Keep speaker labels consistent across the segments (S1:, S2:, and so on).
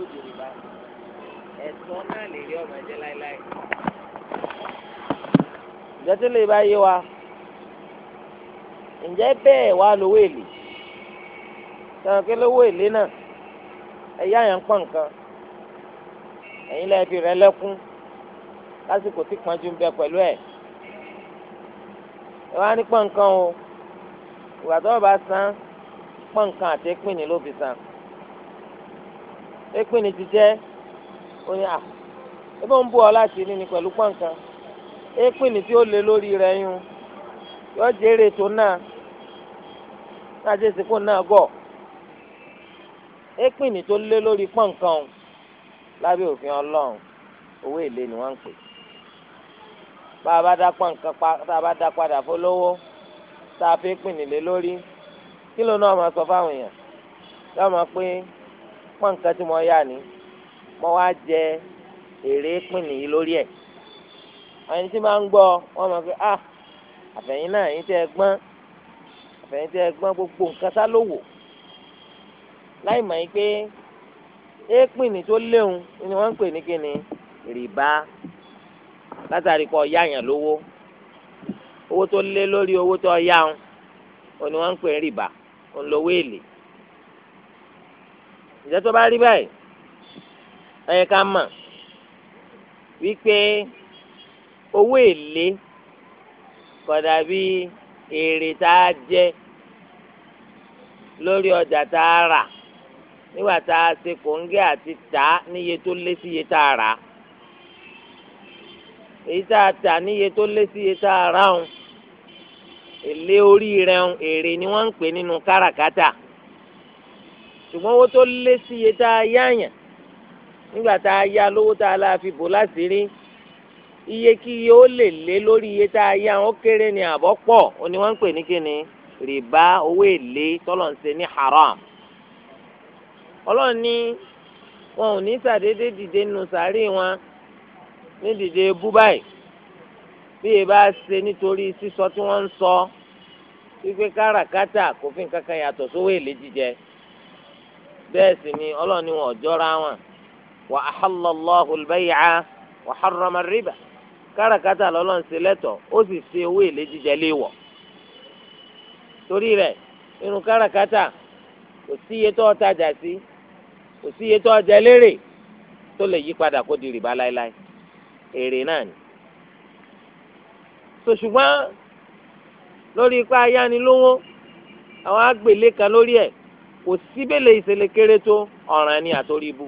S1: yóò di rìbá ẹ̀tọ́ náà lè rí ọmọ ẹ̀jẹ̀ láéláé. ìjọ́sí lè bá yé wa ǹjẹ́ bẹ́ẹ̀ wá lówó èlé sọ̀rọ̀ pé lówó èlé náà ẹ̀yà yẹn ń pọ̀ nǹkan ẹ̀yin lẹ́ẹ̀bi rẹ lẹ́kún lásìkò tí pọ́njú ń bẹ pẹ̀lú ẹ̀ ẹ wá ní pọ̀ nǹkan o ìwà tó bá san pọ̀ nǹkan àti pínì ló fi san ekpe ni ti jẹ oní à ebe ń bu ọ láti rí ni pẹ̀lú pọ̀nkan ekpe ni tí ó lé lórí rẹ̀ yún yọ jèrè tó náà láti ìsìnkú náà gọ̀ ekpe ni tó lé lórí pọ̀nkan o lábẹ́ òfin ọlọ́run owó èlé ni wọ́n ń pè bá a bá dá pọ̀nkan tá a bá dá padà fólówó tá a fi pè lórí kí ló náà máa sọ fáwọn èèyàn yọ máa pé pọ́n nǹkan tí mo yà ní mo wá jẹ èrè pín nìyí lórí ẹ̀ ẹni tí máa ń gbọ́ wọ́n máa fi ah àfẹ̀yìn náà ẹ̀yin tẹ́ ẹ gbọ́n àfẹ̀yìn tẹ́ ẹ gbọ́n gbogbo nǹkan sá ló wò láì mọ̀ yín pé éèpìn ní tó léwu ni wọ́n ń pè ní kíni rìbá látàrí kọ́ ọ̀yá yẹn lówó owó tó lé lórí owó tó ọ̀yá òun ni wọ́n ń pè ní rìbá òun lówó èlé ìjẹ́ tó bá rí báyìí ẹ yẹ ká mọ̀ wípé owó èlé kódà bí èrè tá a jẹ lórí ọjà tá a rà nígbà tá a ṣe kòńgẹ́ àti tà á níye tó lé sí iye tá a rà á èyí tá a tà níye tó lé sí iye tá a rà á èlé orí rẹ̀ èrè ni wọ́n ń pè nínú káràkátà ṣùgbọ́n owó tó lé sí iye tá a yáàyàn nígbà tá a yá lówó tá a la fi bò láti rí iye kí iye ó lè lé lórí iye tá a yá wọn kéré ni àbọ̀ pọ̀ ó ní wọ́n ń pè ní kíni rìbá owó èlé tọ́lọ̀ ń ṣe ní haram ọlọ́run ní wọn ò ní sàdédé dìde nù sàárè wọn ní dìde bú báyìí bí e bá ṣe nítorí sísọ tí wọ́n ń sọ wípé káràkátà kò fi nǹkan kan yàtọ̀ sówó èlé jíjẹ. So bẹ́ẹ̀ sì ni ọlọ́run ni wọn wà á wà riba lọ́lọ́run lẹ́tọ̀ ó sì owó jíjẹ torí kò sí iye tó sí kò sí iye tó lérè tó lè yí padà kó di rìbá láéláé èrè náà ni. ṣùgbọ́n lórí ipá ayánilówó àwọn kò síbèlè ìṣẹ̀lẹ̀ kéré tó ọ̀ràn ni àtòrí ibu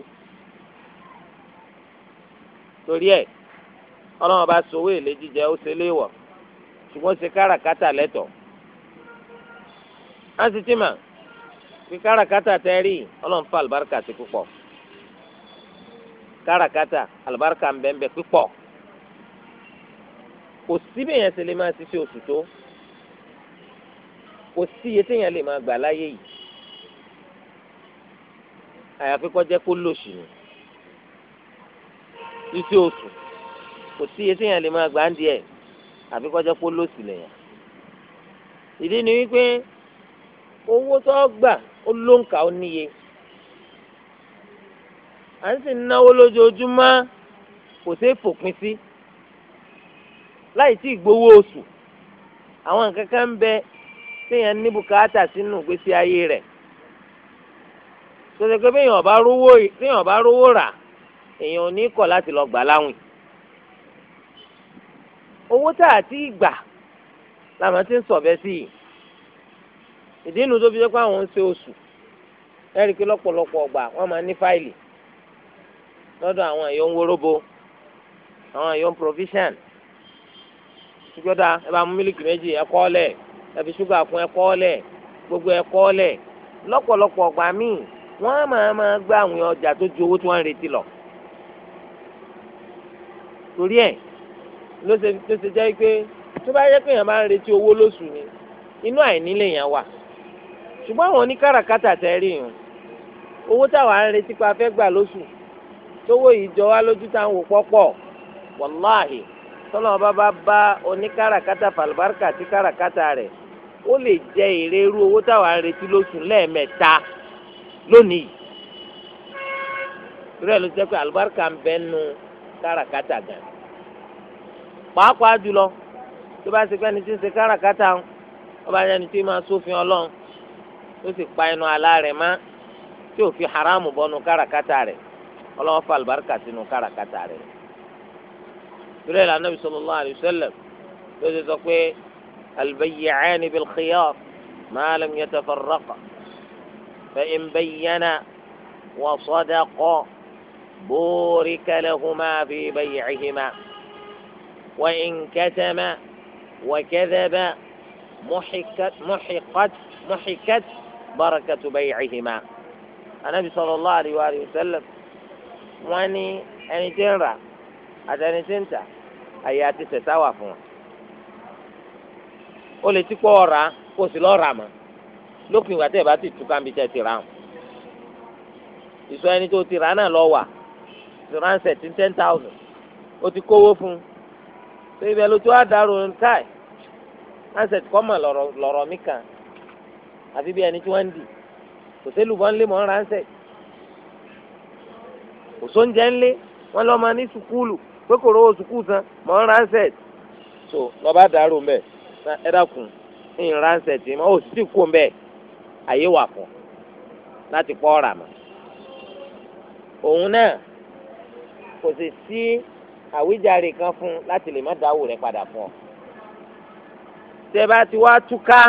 S1: torí ẹ̀ ọlọ́run bá sọ owó èlé jíjẹ ó ṣe léèwọ̀ ṣùgbọ́n ṣe káràkátà lẹ́tọ̀ á sì tì mà fi káràkátà tẹ́ rí ọlọ́run fa àlùbáríkà sí púpọ̀ káràkátà àlùbáríkà ń bẹ́ẹ̀ bẹ́ẹ̀ púpọ̀ kò síbẹ̀ yẹn ṣe lè máa ṣiṣẹ́ oṣù tó kò sí iye téèyàn lè máa gbà láyé yìí àyàfi kọjá kó lòsì ni iṣẹ́ oṣù kò sí iye téèyàn lè máa gbà ń díẹ̀ àfi kọjá kó lòsì lèyàn ìdí ni wípé owó tó gbà ó ló ń kà ó níye à ń sì náwó lójoojúmọ́ kò sí fòpin sí láì tí gbowó oṣù àwọn nǹkan kan ń bẹ téèyàn tọ́jú pé bẹ́ẹ̀yàn bá rówó bẹ́ẹ̀yàn bá rówó rà èèyàn ò ní kọ̀ láti lọ gbà láwìn owó tá a ti gbà làwọn ti ń sọ̀bẹ sí i ìdí inú tó fi jẹ́ pé àwọn ń ṣe oṣù ẹ̀rí pé lọ́pọ̀lọpọ̀ ọgbà wọ́n máa ní fáìlì lọ́dọ̀ àwọn èèyàn ń wóróbo àwọn èèyàn ń provision ṣùgbọ́dà ẹ bá mú mílíkì méjì ẹ kọ́ ọ́lẹ̀ ẹ fi ṣúgà kún ẹ kọ́ ọ́lẹ̀ gbogbo ẹ kọ́ ọ́lẹ̀ lọ́pọ̀lọpọ̀ ọgbà míì wọ́n á máa máa gba àwọn ọjà tó ju owó tí wọ́n retí lọ. torí ẹ̀ ló ṣe tó bá yẹ pé èèyàn bá ń retí owó lóṣù ni inú àìní lèèyàn wà ṣùgbọ́n àwọn oníkàràkátà tẹ́ yìí owó táwa ń retí pa fẹ́ gbà lóṣù tówó yìí jọ lójú tá à ń wò wàláhì lónìí torí ẹ ló sẹ pé àlùbáríkà ń bẹ nu káràkátà gan pàápàá jùlọ tó bá ṣe pé ẹni tí ń ṣe káràkátà ń ọba ẹni tí máa sófin Ọlọ́run ó sì pa ẹnu àlá rẹ̀ mọ́ tí ò fi haramu bọnu káràkátà rẹ̀ Ọlọ́run fa àlùbáríkà sínú káràkátà rẹ̀ torí lànà bisalòlá àdìsẹlẹ ló ṣe sọ pé albayyi'ani bil khiyar ma lam yatafarraqa. فإن بين وصدق بورك لهما في بيعهما وإن كتم وكذب محكت محقت محكت بركة بيعهما النبي صلى الله عليه وآله وسلم واني أني تنرى ti تنتا أياتي ateni ti تقوى ورا aye ati lópin ìgbà tẹ́ ẹ bá ti tú káńbi tẹ́ ti rà hàn ìsọ ẹni tó ti rà náà lọ wà ti ránṣẹ́ ti ten thousand ó ti kówó fún un tó ibẹ̀ ló tó á dárò káì ránṣẹ́ ti kọ́ mọ̀ lọ̀rọ̀ mi kàn àfi bí ẹni tí wọ́n ń dì kò sélùbọ́n lé mọ́ ránṣẹ́ kò sóúnjẹ ńlẹ́ wọ́n lọ́ máa ní sùkúlù pé kò rówó sùkúlù san mọ́ ránṣẹ́ so lọ́ba dárò mbẹ́ ẹ dákun ń ránṣẹ́ tì mọ́ òsì kú mbẹ́ àyè wà fún láti pọ́ ọ̀rà mọ́ òun náà kò sì sí àwíjàre kan fún láti lè má dáwò rẹ̀ padà fún ọ tẹ bá ti wá túká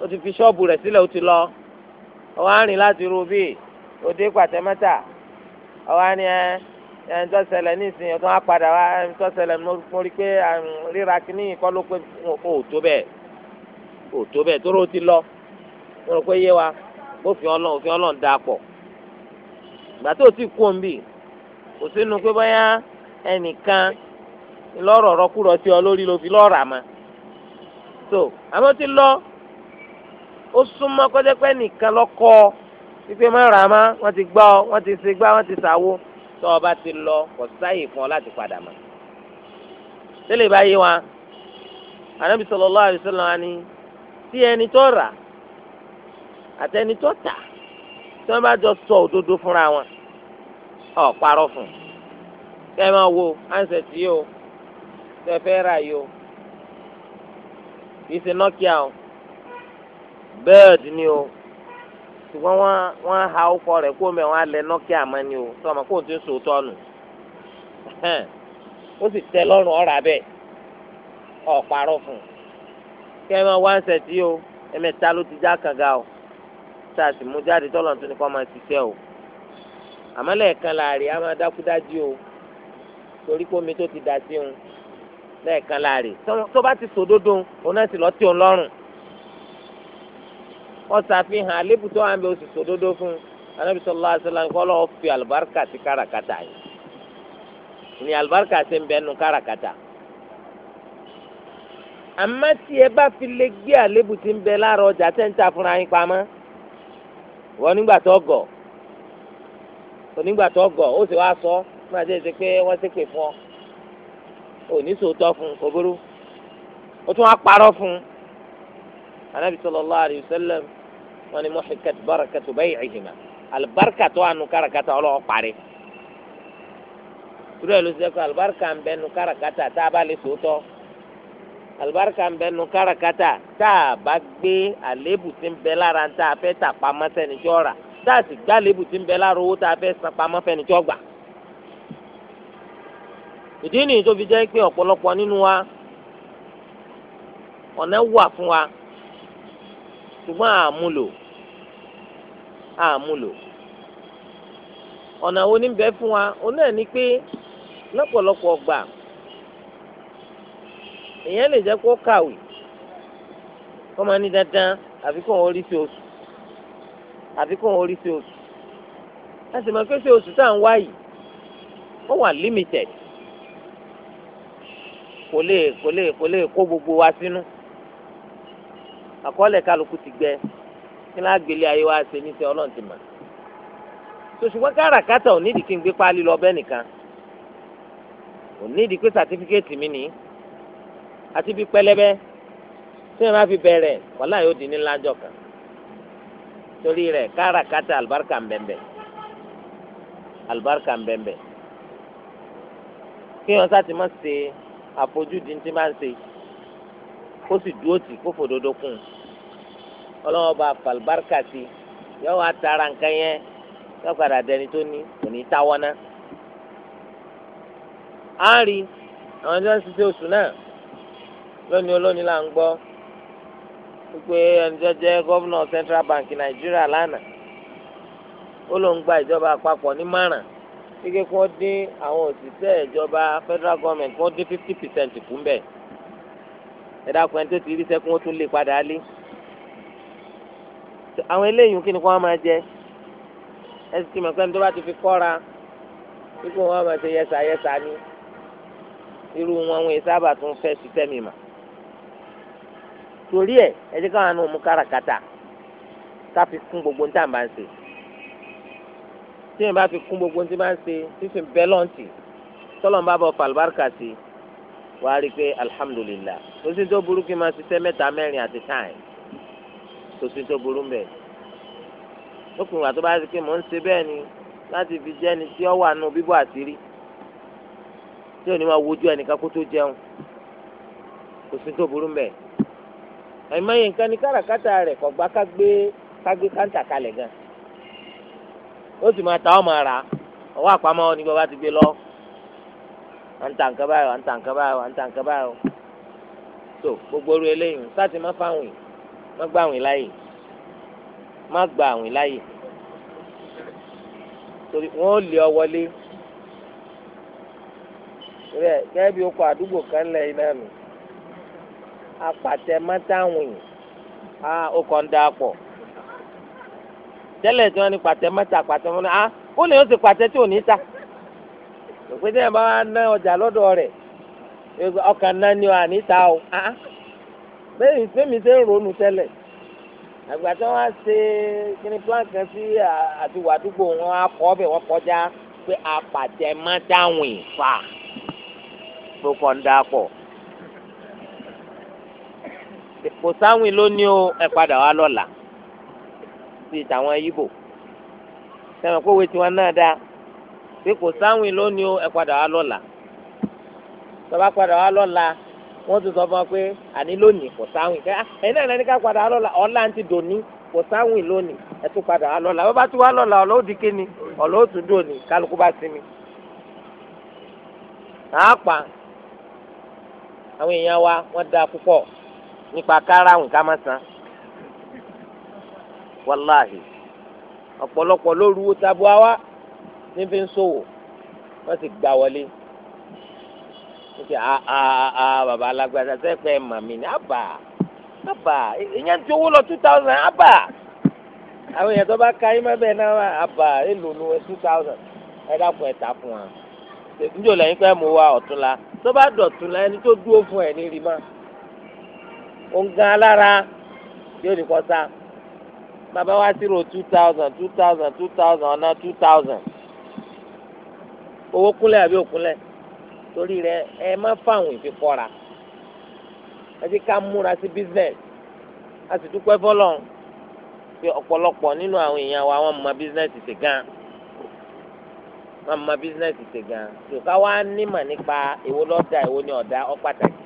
S1: o ti fi ṣọ́ọ̀bù rẹ̀ sílẹ̀ o ti lọ ọwọ́ àárín láti ru bíi òde pàtẹ́mẹ́ta ọwọ́ àárín ẹ ẹ ń tọ́sẹ̀lẹ̀ nísìnyí ọ̀tún á padà wá ẹ ń tọ́sẹ̀lẹ̀ mo rí pé ríra kínní kọ́ ló pé o ò tó bẹ́ẹ̀ o ò tó bẹ́ẹ̀ tó ló ti lọ wọn rò pé yé wa òfin ọlọ́run òfin ọlọ́run dáa pọ̀ ìgbà tó ti kú òun kò sínú pé báyà ẹnìkan lọ́rọ̀ rọkúrọ̀ sí ọ lórí ló fi lọ́ọ̀rà ma so àmọ́ ti lọ ó súnmọ́ kọ́jẹ́pẹ́ nìkan lọ́kọ́ wípé má rà má wọ́n ti gbá ọ wọ́n ti ṣe gbá wọ́n ti ṣàwo tó o ti lọ kò sáyè fún ọ láti padà mọ́ tẹ́lẹ̀ báyìí wa Ànábì sallallahu alaihi wasallam ni tí ẹni tó rà àtẹni tó tà tí wọ́n bá jọ sọ òdodo fúnra wọn ọ̀ parọ́ fún un kẹ́ ẹ máa wo ansẹ̀tì yìí o tẹ́ fẹ́ rà yìí o kì í ṣe Nokia o bird ni o ṣùgbọ́n wọ́n wọ́n ha ọkọ rẹ̀ kó mẹ́ wọ́n á lẹ Nokia mọ́ ni o tí wọ́n máa kó tó so tọ́nu ó sì tẹ́ lọ́rùn ọ̀rà bẹ́ẹ̀ ọ̀ parọ́ fún un kẹ́ ẹ máa wá ansẹ̀tì yìí o ẹ̀mẹ́ta ló ti já kànga o tá a sì mú jáde tọ́lọ̀ tó ní kọ́ máa ṣiṣẹ́ o àmọ́ lẹ́ẹ̀kan láàrin a máa dákúdájú o torí pé omi tó ti dà sí òun lẹ́ẹ̀kan láàrin tó bá ti sòdodo òun náà sì lọ́ọ́ tí òun lọ́rùn wọ́n ṣàfihàn àlébù tó wà ń bẹ oṣù sòdodo fún un anabi sọlá asọlá ń kọ́ lọ́wọ́ fi àlùbáríkà sí káràkátà yìí ní àlùbáríkà sí ń bẹ nu káràkátà àmọ́ tí ẹ bá fi lè gbé àlébù tí ń bẹ láàárọ̀ ọjà tẹ́ńtà fúnra yín pamọ́ wọ́n nígbà tó gọ̀ onígbà tó gọ̀ ó sì wá sọ nígbà tó ṣe pé wọ́n ṣe pè fún ọ òní sòótọ́ fún kò burú ó tún wá parọ́ fún anabi sallallahu alayhi wa sallam wọ́n ní muhikat barakatu bay'ihima alibarika tó wà nù ọlọ́wọ́ parí turẹ̀ ló ṣe kó alibarika ń bẹ nù káràkátà tá a bá lè sòótọ́ alibarika ń bẹ nu kárakáta tá a bá gbé àléébù tí ń bẹ lára ń tá a fẹ́ tà pamọ́ sẹ́ni tí ó rà tá a sì gbé àléébù tí ń bẹ lára owó tá a fẹ́ san pamọ́ fẹ́ni tí ó gbà. ìdí nìyí tó jẹ́ pé ọ̀pọ̀lọpọ̀ nínú wa ọ̀nà wà fún wa ṣùgbọ́n àmúlò àmúlò ọ̀nà wo ni bẹ fún wa òun náà ni pé lọ́pọ̀lọpọ̀ gbà èèyàn lè jẹ́ kó kàwé kó máa ní dandan àfi kó wọn rí sí oṣù àfi kó wọn rí sí oṣù láti máa ké sí oṣù tá à ń wá yìí ó wà limited kò lè kò lè kò lè kó gbogbo wa sínú àkọọ́lẹ̀ kálukú ti gbẹ kí ní agbèlé ayé wa ṣe níṣẹ́ ọlọ́run ti mà sòṣùpọ̀ káràkátà ò nídìí kí n gbé páálí lọ bẹ́ẹ̀ nìkan ò nídìí pé sàtífíkẹ́ẹ̀tì mi nìyí àti bí pẹlẹbẹ tí wọn bá fi bẹ̀rẹ̀ wàhálà yóò di nílá jọ kan torí rẹ̀ káràkátà àlùbáríkà ń bẹ̀m̀bẹ̀ àlùbáríkà ń bẹ̀m̀bẹ̀ kí wọn sá ti má ṣe àfojúdi tí máa ń ṣe kó sì dúró tì kó fòdodo kùn ọlọ́wọ́ bá falùbáríkà sí yóò wá tara nǹkan yẹn yóò padà dẹni tó ní kò ní í táwọ́ ná. a àwọn tí wọ́n ń ṣiṣẹ́ oṣù náà lónìí olónìí là ń gbọ́ pé ẹni jẹ́ gọ́vnọ̀ central bank nàìjíríà lánàá ó ló ń gba ìjọba àpapọ̀ ní márùn kíkẹ́ kí wọ́n dín àwọn òṣìṣẹ́ ìjọba federal government kí wọ́n dín fifty percent fún bẹ́ẹ̀ ẹ̀dá kan ẹni tó ti rí sẹ́kún ó tún lè padà lé àwọn eléyìí kí ni kí wọ́n máa jẹ ẹsì tí mọ̀kẹ́ni tó bá ti fi kọ́ra kíkọ́ wọn máa ṣe yẹsà yẹsà ni irú wọn wọn sábà tún fẹ́ sí tẹ́mi torí ẹ ẹ jẹ́ káwọn náà mú káràkátà ká fi kún gbogbo níta bá ń ṣe tí yẹn bá fi kún gbogbo níta bá ń ṣe fífi bẹ́lọ̀ǹtì tọ́lọ̀n bá bọ̀ fàlùbáríkà sí wà á rí i pé alihamudulilayi kò sí tó burú kí n máa ṣiṣẹ́ mẹ́ta mẹ́rin àti táìm kò sí tó burú mbẹ́ lókùn ìgbà tó bá rí i pé mò ń ṣe bẹ́ẹ̀ ni láti fi jẹ́ ẹni tí ó wà nù bíbọ̀ àṣírí tí ò ní máa wojú ẹnìkan kó tó jẹun kò burú mbẹ́ àìmọye nǹkan ni káràkátà rẹ̀ kò gbá kágbé kágbé káńtà kalẹ̀ gan ó sì máa ta ọ́ máa ọwọ́ àpamọ́ ni bàbá ti gbé lọ à ń ta nǹkan báyọ̀ à ń ta nǹkan báyọ̀ à ń ta nǹkan báyọ̀ tó gbogbo orí eléyìí sáti má fáwìn má gbà àwìn láàyè má gbà àwìn láàyè torí wọn ò lé ọ wọlé rẹ gẹ́gẹ́ bí o kọ àdúgbò kan lẹ́yìn náà nù apàtẹ́mọ́tàwìn á ó kọ́ ń dáa pọ̀ tẹ́lẹ̀ tí wọ́n ní pàtẹ́mọ́tà pàtẹ́mọ́tà á ó lè ó sì pàtẹ́ tí ò ní ta òpin tí yẹn bá wá ná ọjà lọ́dọ̀ rẹ̀ ọkàn náà ni ò àní ta o bẹ́ẹ̀ ni sẹ́mi ṣe ń ronú tẹ́lẹ̀ àgbà tí wọ́n á ṣe kíni plan kan sí àti wàdúgbò wọn á kọ́ ọbẹ̀ wọn kọjá pé apàtẹ́mọ́tàwìn fà tó kọ́ ń kò sáwìn lónìí o ẹ padà wá lọ́la sí tàwọn yíbò sẹ́wọ̀n kó wé tiwọn náà dáa pé kò sáwìn lónìí o ẹ padà wá lọ́la tọ́ba padà wá lọ́la wọ́n tún sọ fún wa pé àní lónìí kò sáwìn kẹ́ ah, ẹ̀yin náà lẹ́ni ká padà wá lọ́la ọ̀la ń ti dòní kò sáwìn lónìí ẹ tún padà wá lọ́la bàbá tún wá lọ́la ọ̀la ó di kíni ọ̀la ó tún dòní kálukú bá sinmi. àápa àwọn èèyàn wa wọ́n dáa púpọ̀ nípa káràwìn ká má san wàláhì ọ̀pọ̀lọpọ̀ ló ruwó tabua wa níbi ń ṣòwò wọ́n sì gbà wọlé níbi àà bàbá alágbádá sẹ́pẹ́ màmí ni àbà àbà ìyẹn ti owó lọ two thousand àbà àwọn èèyàn tó bá ka yín mẹ́bẹ̀ẹ́ náà àbà èlò nu two thousand ẹ dákun ẹ̀ ta fún wa níjọ́ lẹ́yìn pé mo wá ọ̀tún la tó bá dọ̀tún la ẹni tó dúró fún ẹ̀ ní rí ònkan alára yóò ní kọ́ sá bàbá wa ti rò two thousand two thousand two thousand ọ̀nà two thousand owó kúnlẹ̀ àbí òkúnlẹ̀ torí rẹ ẹ má fáwọn ìfikọ́ra ẹ ti ká múra sí business a sì dúpẹ́ fọlọ́n pé ọ̀pọ̀lọpọ̀ nínú àwọn èèyàn wa wọ́n mọ business ti gan wọ́n mọ business ti gan tó ká wá nímọ̀ nípa èwo lọ́dà èwo ni ọ̀dà ó pàtàkì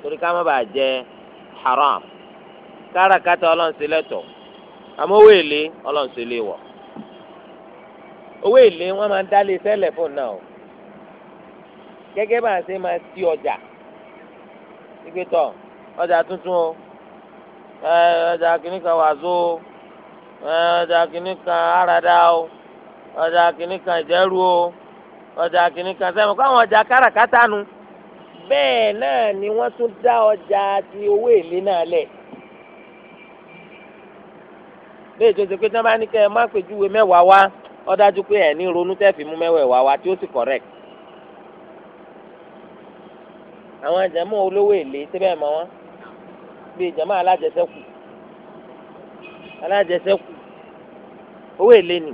S1: torí ká má bàa jẹ́ haram káràkátà ọlọ́run lẹ́tọ̀ àmọ́ owó èlé ọlọ́run lè wọ̀ owó èlé wọ́n máa ń dálé sẹ́lẹ̀ fún náà o gẹ́gẹ́ bá a ṣe máa ti ọjà ìgbé tọ̀ ọjà tuntun o ọjà wàzó o ọjà kìíní kan o ọjà kìíní ìjẹ́rú o ọjà kìíní kan ọjà bẹ́ẹ̀ náà ni wọ́n tún dá ọjà ti owó èlé náà lẹ̀. léyìí tó ṣe pé tí wọ́n bá ní kẹ́ ẹ má pèjúwe mẹ́wàá wá ó dájú pé ẹ̀ ní ronú tẹ́ fi mú mẹ́wàá wá tí ó sì correct. àwọn àjẹmọ́ olówó èlé síbẹ̀ mọ́ wọn bíi ìjẹmọ́ alájẹsẹ́kù alájẹsẹ́kù owó èlé ni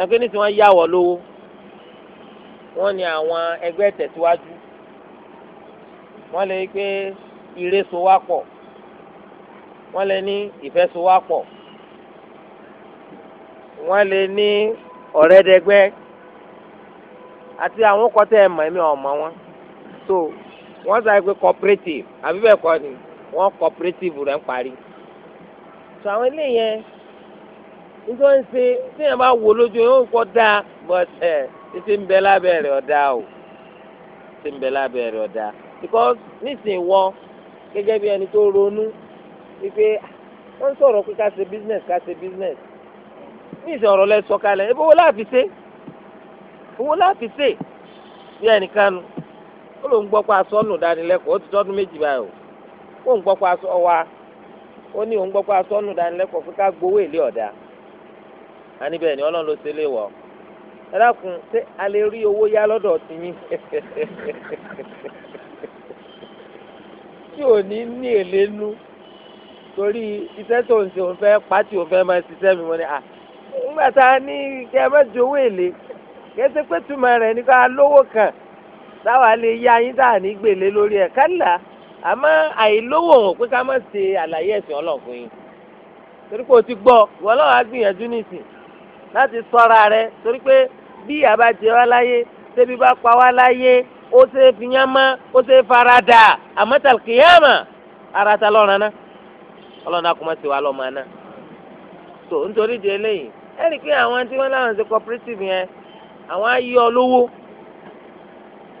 S1: ẹ̀ka ní tí wọ́n yá wọ́ lówó wọ́n ní àwọn ẹgbẹ́ tẹ̀síwájú wọ́n lè pé ire so wá pọ̀ wọ́n lè ní ìfẹ́ so wá pọ̀ wọ́n lè ní ọ̀rẹ́ dẹgbẹ́ àti àwọn kọ́tẹ́ ẹ̀mọ́ ẹ̀mí ọ̀mọ́ wọn so wọ́n sáré pé cooperative àbí bẹ́ẹ̀ kọ́ ni wọ́n cooperative rẹ̀ ń parí so àwọn ilé yẹn nítorí wọ́n ń ṣe tí yẹn bá wò lójú yóò kọ́ dáa but ẹ̀ eh, títí ń bẹ lábẹ́ rẹ̀ ọ̀dà o títí ń bẹ lábẹ́ rẹ̀ ọ̀dà because nísìnyí wọ gẹ́gẹ́ bí ẹni tó ronú wípé wọ́n sọ̀rọ̀ pé ká ṣe business ká ṣe business nísìnyí ọ̀rọ̀ lẹ sọ kalẹ̀ ebi owó láàfin ṣe owó láàfin ṣe bí ẹnìkan nu ó lóun gbọ́ pé asọ́nù dánilẹ́kọ̀ọ́ ó ti tọ́dún méjì báyìí o ó ń gbọ́ pé asọ́ wa ó ní òun gbọ́ pé asọ́nù dánilẹ́kọ̀ọ́ fún ká gbowó èlé ọ̀dà àníbẹ̀ ni ọlọ́run ló ṣe lé wọ̀ ẹ dákun ṣé a lè rí owó yá lọ́dọ̀ tiyín tí ò ní ní èlé nú torí iṣẹ́ tó ń ṣe òun fẹ́ pàtì òun fẹ́ máa ṣiṣẹ́ mi wọ́n ni à ńgbà tá a ní kẹ́ ẹ má jowó èlé kẹsẹ́ pé túmọ̀ rẹ̀ ní ká lówó kan táwa lè yá yín tá à ní gbèlé lórí ẹ̀ kálá àmọ́ àìlówó hàn pé ká má ṣe àlàyé ẹ̀sìn ọlọ́run fún yín torí pé o ti gbọ́ ìwọ náà wàá gbìyànjú nìsín láti sọ́ra rẹ torí pé bí ìyà bá jẹ wá láyé tẹ́bí bá pa wá láyé ó ṣe é fiyánmá ó ṣe é faradà àmọ́ tàlùkìyàmà ara ta lọ́ràn náà ọlọ́run akọ́mọ́ sí wa lọ́mọ na nítorí di eléyìí ẹ̀rí pé àwọn tí wọ́n láwọn ṣe cooperative yẹn àwọn á ọ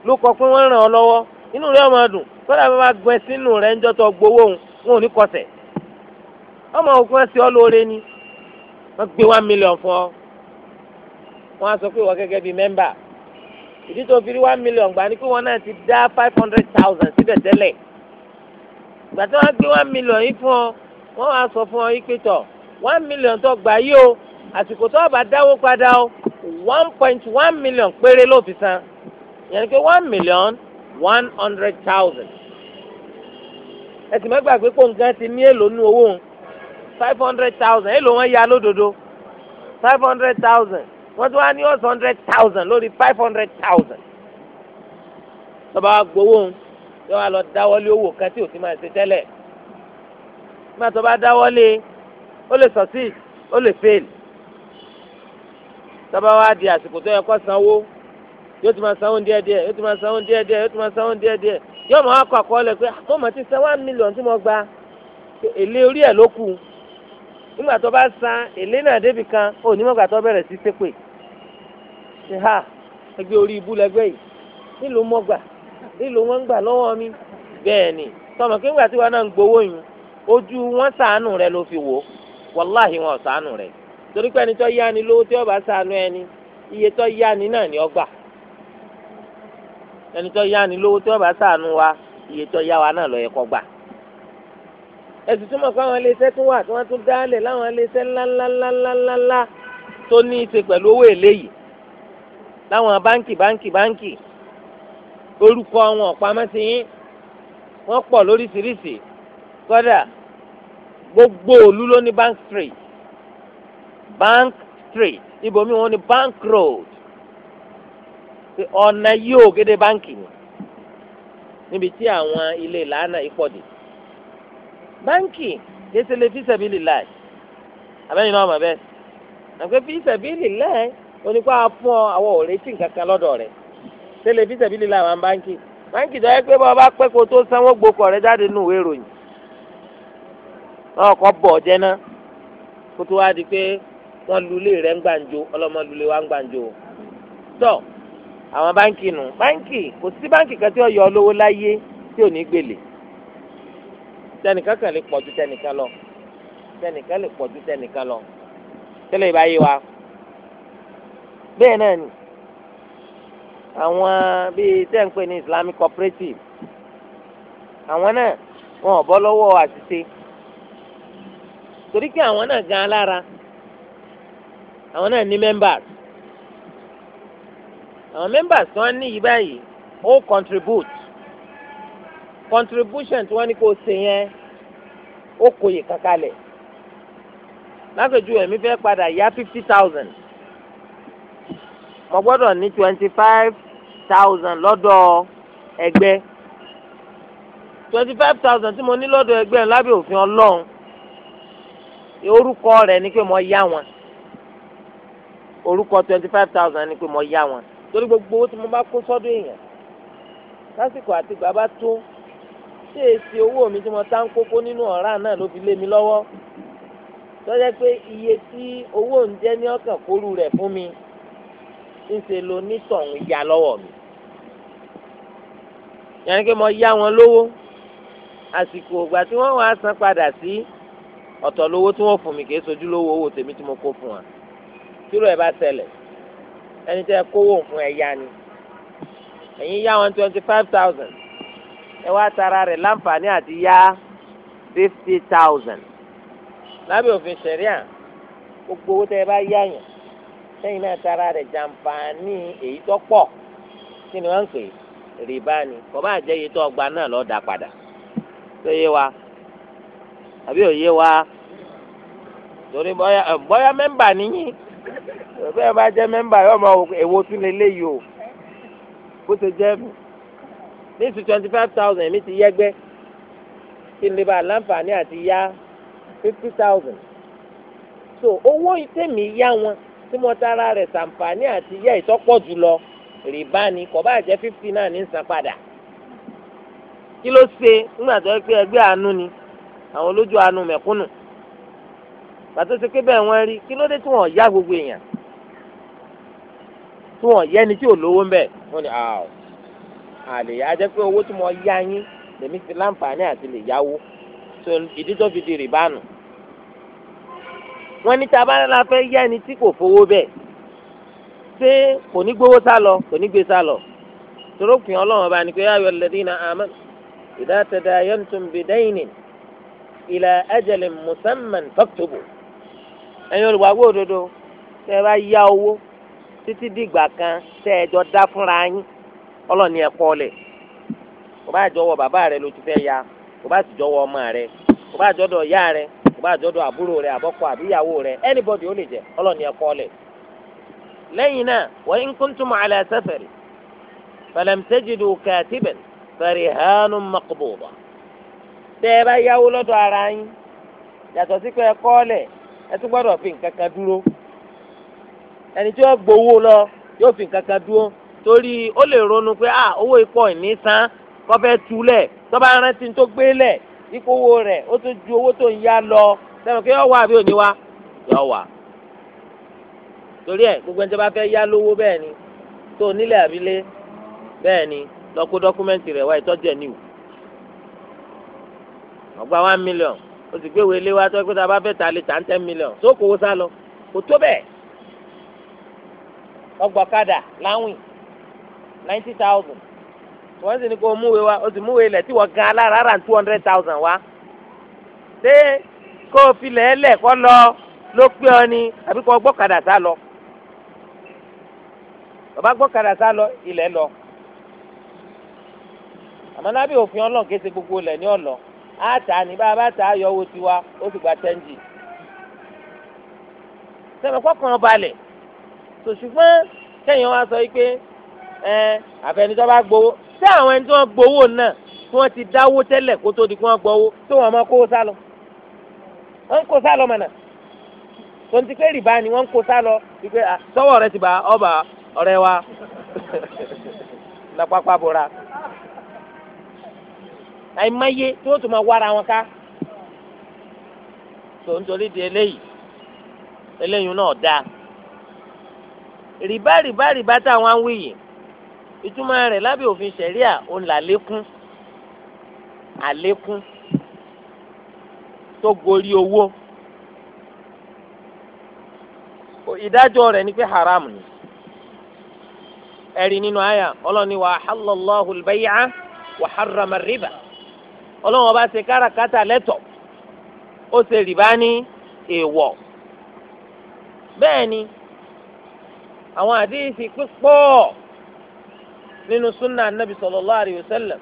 S1: ló kọ pé wọ́n ràn ọ́ lọ́wọ́ inú rẹ̀ ọmọ dùn bá bá gbẹ sínú ni one million fún ọ á sọ pé ìdí tó fi rí one million gbà ní pé wọn náà ti dá five hundred thousand síbẹ̀ tẹ́lẹ̀ ìgbà tí wọ́n gbé one million yìí fún ọ wọ́n wá sọ fún ọ yìí pé tọ̀ one million tó gbà yìí o àsìkò tó bá dáwó padà o one point one million péré ló fi san ìyẹn ni pé one million one hundred thousand ẹsìn mẹ́gbà pé kó nǹkan ti ní èlò nínú owó five hundred thousand èlò wọn ya lódodo five hundred thousand wọ́n tún wá ní ọ̀sán hundred thousand lórí five hundred thousand tọ́ba wa gbowó ń yọ wá lọ dáwọ́lé owó kan tí ò ti máa ṣe tẹ́lẹ̀ nígbà tọ́ba dáwọ́lé ó lè succeed ó lè fail tọ́ba wa di àsìkò tó yẹ kó sanwó yóò ti máa sanwó díẹ̀díẹ̀ yóò ti máa sanwó díẹ̀díẹ̀ yóò ti máa sanwó díẹ̀díẹ̀ yóò máa kọ àkọọ́lẹ̀ pé ah, mo mà ti san one million tí mo gba èlé orí ẹ̀ ló kù nígbà tó bá san èlé náà débì kan ò ní mọ̀gbà tó bẹ̀rẹ̀ sí ṣépè. ṣe ha ẹgbẹ́ orí ibú lẹgbẹ́ yìí nílùú mọ́gbà nílùú wọn gbà lọ́wọ́ mi bẹ́ẹ̀ ni tọmọ kí tí wọn náà ń gbowó wọn rẹ ló fi wò wàláhì wọn ṣàánú rẹ torí pé ẹni tó yá ni lówó tí ẹni iye tó yá ni náà ni gbà ẹni tó yá ni lówó tí wa iye tó yá wa náà yẹ gbà túmọ̀ àwọn iléeṣẹ́ tún wà tí wọ́n tún dálẹ̀ láwọn iléeṣẹ́ ńláńláńláńláńlá tó ní í ṣe pẹ̀lú owó láwọn báńkì báńkì báńkì orúkọ wọn pamọ́ sí yín wọ́n pọ̀ lóríṣiríṣi kódà gbogbo òlu ló ní bank street bank street ibòmí wọn ní bank road ọ̀nà yóò gédé báńkì ni níbi tí àwọn ilé ìlànà ìpọ̀dé báńkì kí ẹ ṣe lè fi sẹ́bìlì láì abẹ́yìn náà mọ̀ bẹ́ẹ̀ àgbẹ̀ fi sẹ́bìlì láì onípa fún ọ àwọn ò retí nǹkan kan lọ́dọ̀ rẹ̀ tẹlifíṣẹ̀ bí lílà àwọn báńkì báńkì tó yẹ pé bọ́ọ̀ bá pẹ́ kó tó sanwó gboko rẹ̀ jáde nù ìwé ìròyìn wọn kọ́ bọ̀ jẹ́ ná kó tó wá di pé wọ́n lulẹ̀ rẹ̀ ń gbàǹjo ọlọ́mọ lulẹ̀ wa ń gbàǹjo tọ́ àwọn báńkì nù báńkì kò sí báńkì kan tí ó yọ olówó láyé tí ò ní gbèlè tẹnìkan kan lè pọ̀ ju tẹnìkan lọ bẹ́ẹ̀ náà ni àwọn bíi tẹ́ǹpẹ́ ní islamic cooperative àwọn náà wọn ò bọ́ lọ́wọ́ àṣìṣe torí pé àwọn náà gan alára àwọn náà ní members àwọn members tí wọ́n ní yìí báyìí ó contribute contribution tí wọ́n ní kó ṣe yẹn ó kòyè kankalẹ̀ lápèjúwe mi fẹ́ padà yá fifty thousand mo gbọ́dọ̀ ní twenty five thousand lọ́dọ̀ ẹgbẹ́ twenty five thousand tí mo ní lọ́dọ̀ ẹgbẹ́ lábẹ́ òfin ọlọ́run orúkọ rẹ̀ ni pé mo yá wọn orúkọ twenty five thousand ni pé mo yá wọn torí gbogbo owó tí mo bá kó sọ́dọ̀ èèyàn lásìkò àti bàbá tó ṣe é ṣe owó mi tí mo tá ń kókó nínú ọ̀rá náà ló fi lé mi lọ́wọ́ tọ́jà pé iye tí owó ń jẹ́ ní ọkàn kóru rẹ̀ fún mi ńṣe lo nítọ̀hún ya lọ́wọ́ mi yẹn kí mo yá wọn lówó àsìkò ìgbà tí wọ́n wàá san padà sí ọ̀tọ̀ lówó tí wọ́n fún mi kìí sojú lówó owó tèmi tí mo kó fún wa tírò ẹ̀ bá tẹlẹ̀ ẹni tẹ́ kówó fún ẹ̀ yá ni ẹ̀yin yá wọn twenty five thousand ẹ wá tara rẹ̀ láǹfààní àti yá fifty thousand lábẹ́ òfin ṣẹ̀ríà gbogbo owó tẹ́ ẹ bá yá yàn sẹ́yìn náà tara rẹ̀ jàǹfààní èyí tó pọ̀ kí ni wọ́n ń pè rìbá ni kò bá jẹ́ iye tó ọgbà náà lọ́ọ́ dà padà tó yé wa àbí òye wa torí bọ́yá bọ́yá mẹ́mbà níyí bẹ́ẹ̀ bá jẹ́ mẹ́mbà yóò máa èwo tún lè léyìí o bó ṣe jẹ́ mi ní ti twenty five thousand èmi ti yẹ́gbẹ́ kí n lè ba láǹfààní àti yá fifty thousand so owó tèmi yá wọn. tí mo tara rẹ̀ sàǹfààní àti yẹ ìtọ́pọ̀ jùlọ rìbá ni kò bá jẹ́ fifty náà ní san padà kí ló ṣe nígbà tó yẹ pé ẹgbẹ́ àánú ni àwọn olójú àánú mẹ̀kúnnù pàtó ṣe pé bẹ́ẹ̀ wọ́n rí kí ló dé tí wọ́n yá gbogbo èèyàn tí wọ́n yẹ ni tí ò lówó ń bẹ̀ wọ́n ní àwọ̀ àlè yá jẹ́ pé owó tí mo yá yín lèmi ti láǹfààní àti lè yáwó ìdí tó fi di rìbá nù wọn ní tá a bá la fẹ́ yá ẹni tí kò fowó bẹ́ẹ̀ ṣé kò ní gbowó sá lọ kò ní gbé sá lọ torókùn ọlọ́run bá ní pé ayọ̀ lẹ́dínà amán ìdá tẹ̀dá yẹntùn bìdẹ́yìnì ìlà ẹ̀jẹ̀lẹ̀ mùsàmán fàktóbù ẹ̀yin olùwàgbọ́ òdodo tẹ́ ẹ bá yá owó títí dìgbà kan tẹ́ ẹ jọ dá fúnra yín ọlọ́run ni ẹ kò bá jọwọ́ bàbá rẹ ló fẹ́ ya kò bá sì jọwọ́ ọmọ rẹ kò bá jọdọ̀ ya rẹ ìbá àbúrò rẹ̀ àbọ́kọ àbíyàwó rẹ̀ anybody ó lè jẹ́ ọlọ́ni ẹ̀kọ́ lẹ̀. lẹ́yìn náà wa in kuntum ala safari falam tajidu katiban farihanun maqbuda. tẹ́ ẹ bá yáwó lọ́dọ̀ ara yín yàtọ̀ sí pé ẹ̀kọ́ lẹ̀ ẹ tún gbọ́dọ̀ fi dúró ẹni tí wọ́n gbowó lọ yóò fi dúró torí ó lè ronú pé ah owó ikọ̀ ìní ipò owó rẹ̀ ó tún ju owó tó ń yá lọ sẹ́wọ̀n kí yọ wá àbí òní wá yọ wá. torí ẹ gbogbo ẹni tó bá fẹ́ yá lówó bẹ́ẹ̀ ni tó nílẹ̀ àbílé bẹ́ẹ̀ ni lọ kó dọ́kúmẹ́ǹtì rẹ̀ wá ìtọ́jú ẹ̀ níwò. ọgbà one million o sì gbéwò ilé wa tó pé tá a bá fẹ́ ta lè ta ń ten million tó kówó sá lọ kò tó bẹ́ẹ̀. ọgbọ̀kadà láwìn ninety thousand wọ́n sì ní kó múwe wa o sì múwe ilẹ̀ tí wọ́n gan alára rà two hundred thousand wa ṣé kó o filẹ̀ ẹ lẹ̀ kọ́ lọ ló pé ọ ni àbí kó o gbọ́kadà sá lọ bàbá gbọ́kadà sá lọ ilẹ̀ lọ àmọ́ lábẹ́ òfin ọlọ́run kése gbogbo ilẹ̀ ní ọ̀lọ́ àtà ní bá a bá ta ayọ̀ owó tiwa ó sì gba tẹ́ǹjì sẹ́mi kọ́kàn balẹ̀ sòṣùgbọ́n kẹ́yìn wa sọ yìí pé ẹ àfẹnitọ́ bá gbowó ṣé àwọn ẹni tí wọ́n gbowó náà tí wọ́n ti dáwó tẹ́lẹ̀ kó tó di kí wọ́n gbowó tí wọ́n máa kó sálọ wọ́n kó sálọ ti pé rìbá ni wọ́n kó sálọ wípé sọ́wọ́ rẹ ti bá ọba ọ̀rẹ́ wa lápapá bora àìmáyé tí wọ́n tún máa wára wọn ká tó ń di eléyìí eléyìí náà dáa rìbá rìbá rìbá táwọn ń wí ìtumọ̀ rẹ̀ lábẹ́ òfin ṣẹ̀ríà òun là lékún àlékún tó gorí owó ìdájọ́ rẹ̀ ni pé haram ni ẹ̀rí nínú àyà ọlọ́ni wa halallahu albay'a wa harrama riba ọlọ́wọ́n bá ṣe káràkátà lẹ́tọ̀ ó ṣe rìbá ní èèwọ̀ bẹ́ẹ̀ ni àwọn àdéhìí ti pípọ̀ nínú sunna anabi sallallahu alayhi wa sallam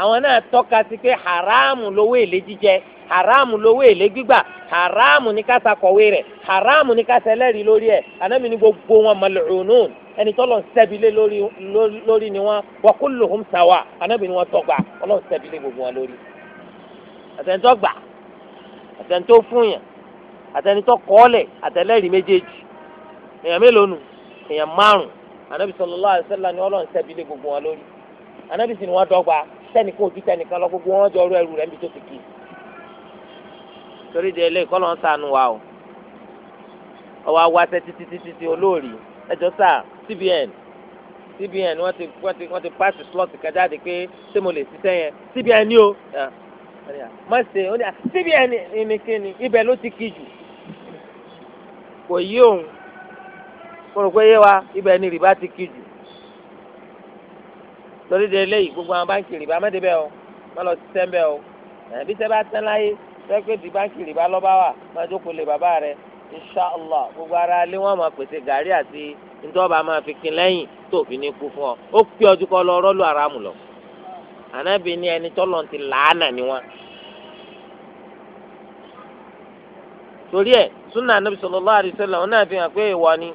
S1: àwọn náà tọ́ka sí pé haramu lówó èlé jíjẹ haramu lówó èlé gbígbà haramu ní ká sakọ̀wé rẹ̀ haramu ní ká ṣẹlẹ́rìí lórí ẹ̀ anábì ní gbogbo wọn mal'unun ẹni tọ́lọ̀ ń sẹ́bilé lórí ni wọn wa kulluhum sawa anábì ní wọn tọ́gbà ọlọ́run sẹ́bilé gbogbo wọn lórí. àtẹnitọ́ àtẹnitọ́ fúnyàn àtẹnitọ́ kọ́ọ̀lẹ̀ àtẹlẹ́rìí méjèèjì èèyàn mélòó nù èèyàn márùn-ún anabi sallallahu alaihi wasallam ni Ọlọ́run sẹbílẹ gbogbo wọn lórí anabi sì ni wọn dọ́gba sẹnìkan ojú tẹnìkan lọ gbogbo wọn jọ ọrú ẹrù rẹ̀ níbi tó ti kì í torí de ilé kọlọ ń sànù wa o ọwọ awa sẹ títí títí tí olóòrì ẹjọ sá cbn cbn wọ́n ti wọ́n ti wọ́n ti paasi slọt kẹjáde pé ṣé mo lè ṣiṣẹ́ yẹn cbn ni o má ṣe cbn ni kí ni ibẹ̀ ló ti kí jù kò yí òun mo rò pé yé wa ibẹ̀ ni rìbá ti kí jù torí de eléyìí gbogbo àwọn báńkì rìbá mẹ́tẹ́bẹ̀ o má lọ sí tẹ́ńbẹ̀ o ẹ̀bí tẹ́ bá tán láyé tẹ́gbẹ́ di báńkì rìbá lọ́ba wa má jókòó lè bàbá rẹ inshàlá gbogbo ara lé wọn máa pèsè gàrí àti ntọ́ba máa fi kin lẹ́yìn tó fi ní kú fún ọ ó pé ọdún kọ́ lọ rọ́ọ̀lù aramu lọ ànábì ni ẹni tọ́lọ̀ ti làánà ni wọn. torí ẹ súnà anábì sallallahu alaihi wasallam náà fi hàn pé ìwọ ni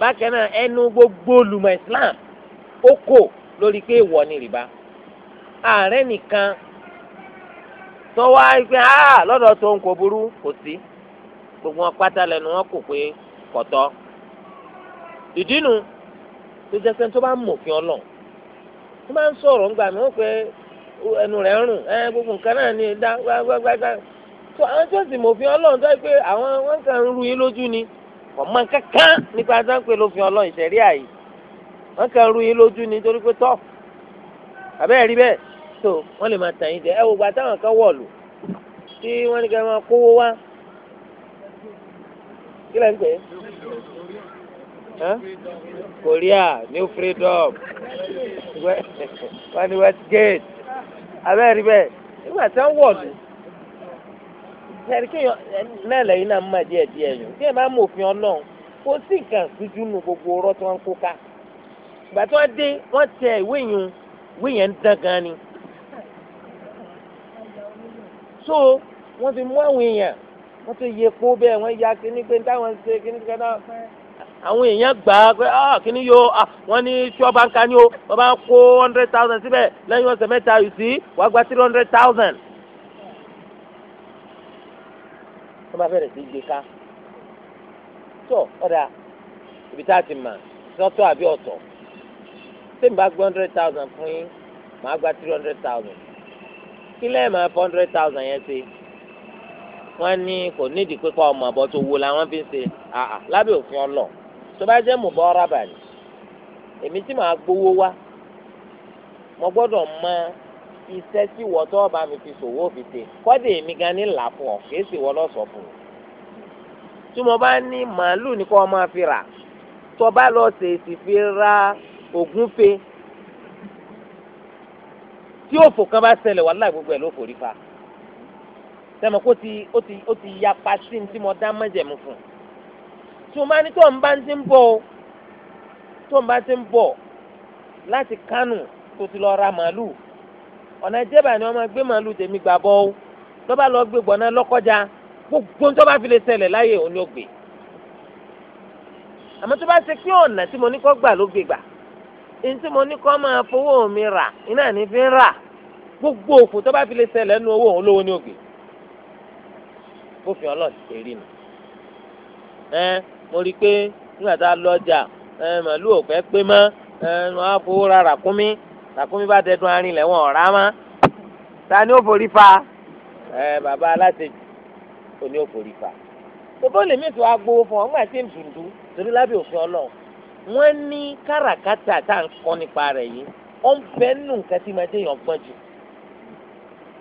S1: bákan náà ẹnu gbogbo olùmọ̀ islam ó kò lórí pé ìwọ ni rìbá ààrẹ nìkan tó wá pé a lọ́dọ̀ tó ń kò burú kò sí gbogbo wọn pátá lẹ́nu wọn kò pé kọ̀tọ́ ìdínú tó jẹ́ sẹ́ni tó bá mọ̀ fi ọ lọ tó bá ń sọ̀rọ̀ ńgbà mi wọ́n pé ẹnu rẹ̀ ń rùn ẹ gbogbo nǹkan náà ní dá gbágbágbá tó àwọn tó sì mọ̀ fi ọ lọ tó yẹ pé àwọn wọn kàn ń ru yín lójú ni ọmọ kankan nípa sáńpẹ lófin Ọlọ́run ìṣẹ̀rí àyè wọn kàn ru yín lójú ni torí pé tọ́ àbẹ́ẹ̀ rí bẹ́ẹ̀ tó wọ́n lè máa tàn yín jẹ ẹ wò gba táwọn kan wọ̀ lù tí wọ́n ní kí wọ́n máa kówó wá kí lẹ́ ń Korea New Freedom wọ́n ní Westgate àbẹ́ẹ̀ rí bẹ́ẹ̀ nígbà tí wọ́n wọ̀ lù sẹ́ni kéèyàn náà lẹ́yìn náà mọ̀ díẹ̀ díẹ̀ yìí kéèyàn bá mọ òfin ọlọ́run kó sì kàn síjú nu gbogbo ọ̀rọ̀ tí wọ́n ń kó ká ìgbà tí wọ́n dé wọ́n tẹ ìwé yìí ìwé yẹn ń dán gan ni. so wọ́n ti mú àwọn èèyàn wọ́n ti yẹ kó bẹ́ẹ̀ wọ́n ya kíní pé táwọn ṣe kíní pé náà àwọn èèyàn gbà á pé ah kíní yóò ah wọ́n ní ṣọ́ọ̀bù àǹkà ni o wọ́n bá kó one hundred thousand síbẹ̀ lẹ́yìn ọ̀sẹ̀ mẹ́ta yìí sí wàá gba three hundred thousand. wọ́n bá bẹ̀rẹ̀ sí gbé ká tó ọ̀dà ibi tá a ti mà sọ́tọ̀ àbí ọ̀tọ̀ tèmi bá gbé hundred thousand fún yín màá gba three hundred thousand kí lẹ́yìn máa fọ́ hundred thousand yẹn ṣe wọ́n ní kò nídìí pé kọ́ ọmọ àbọ̀ tó wo làwọn fi ń ṣe àà lábẹ́ òfin ọlọ tó bá jẹ́ mùbọ́ rábà ni èmi tí màá gbowó wá mo gbọ́dọ̀ máa iṣẹ́ tí wọ́n tó bá mi fi ṣòwò fi ṣe kọ́dé èmi gan ní là fún ọ kìí ṣe wọ́n lọ́sọ̀ fún un. tí mo bá ní màálù ní kó o máa fi rà tó bá lọ ṣèṣì fi ra ògúnfe tí òfò kan bá ṣẹlẹ̀ wà láì gbogbo ẹ̀ ló forí sẹ́mi kó ti ó ti ó ti ya pàṣẹ tí mo dá mọ́jẹ̀mú fún un. tí mo bá ní tó ń bá ti ń bọ̀ tó ń bá ti ń bọ̀ láti kánù tó ti lọ ra màálù ọ̀nà ìjẹ́bà ni wọ́n máa gbé màálù tèmi gbà bọ́ ó tó bá lọ gbé gbọ̀nà lọ́kọjá gbogbo tó bá fi lè ṣẹlẹ̀ láyé òun ló gbé àmọ́ tó bá ṣe pé ọ̀nà tí mo ní kọ́ gbà ló gbé gbà èyí tí mo ní kọ́ máa fowó mi rà iná ní fi ń rà gbogbo òfò tó bá fi lè ṣẹlẹ̀ nu owó òun lówó ní ògbé bófin ọlọ́ọ̀tì ṣe rí nu ẹ mo rí i pé nígbà tá a lọ ọjà màálù ò fẹ́ pé mọ́ ẹ wọn á fowó rà rà kún mi ràkúnmí bá dẹdun arin lẹ̀ wọ́n ọ̀rá mọ́ ta ni ó forí fa ẹ bàbá aláṣejù ó ní ó forí fa gbogbo lèmi tó a gbowó fún ọ ńgbà tí ń dùndú torí lábẹ́ òfin ọlọ́run wọ́n ní káràkátà tá à ń kọ́ nípa rẹ̀ yìí ó ń bẹ́ nù nǹkan máa déyàn gbọ́n jù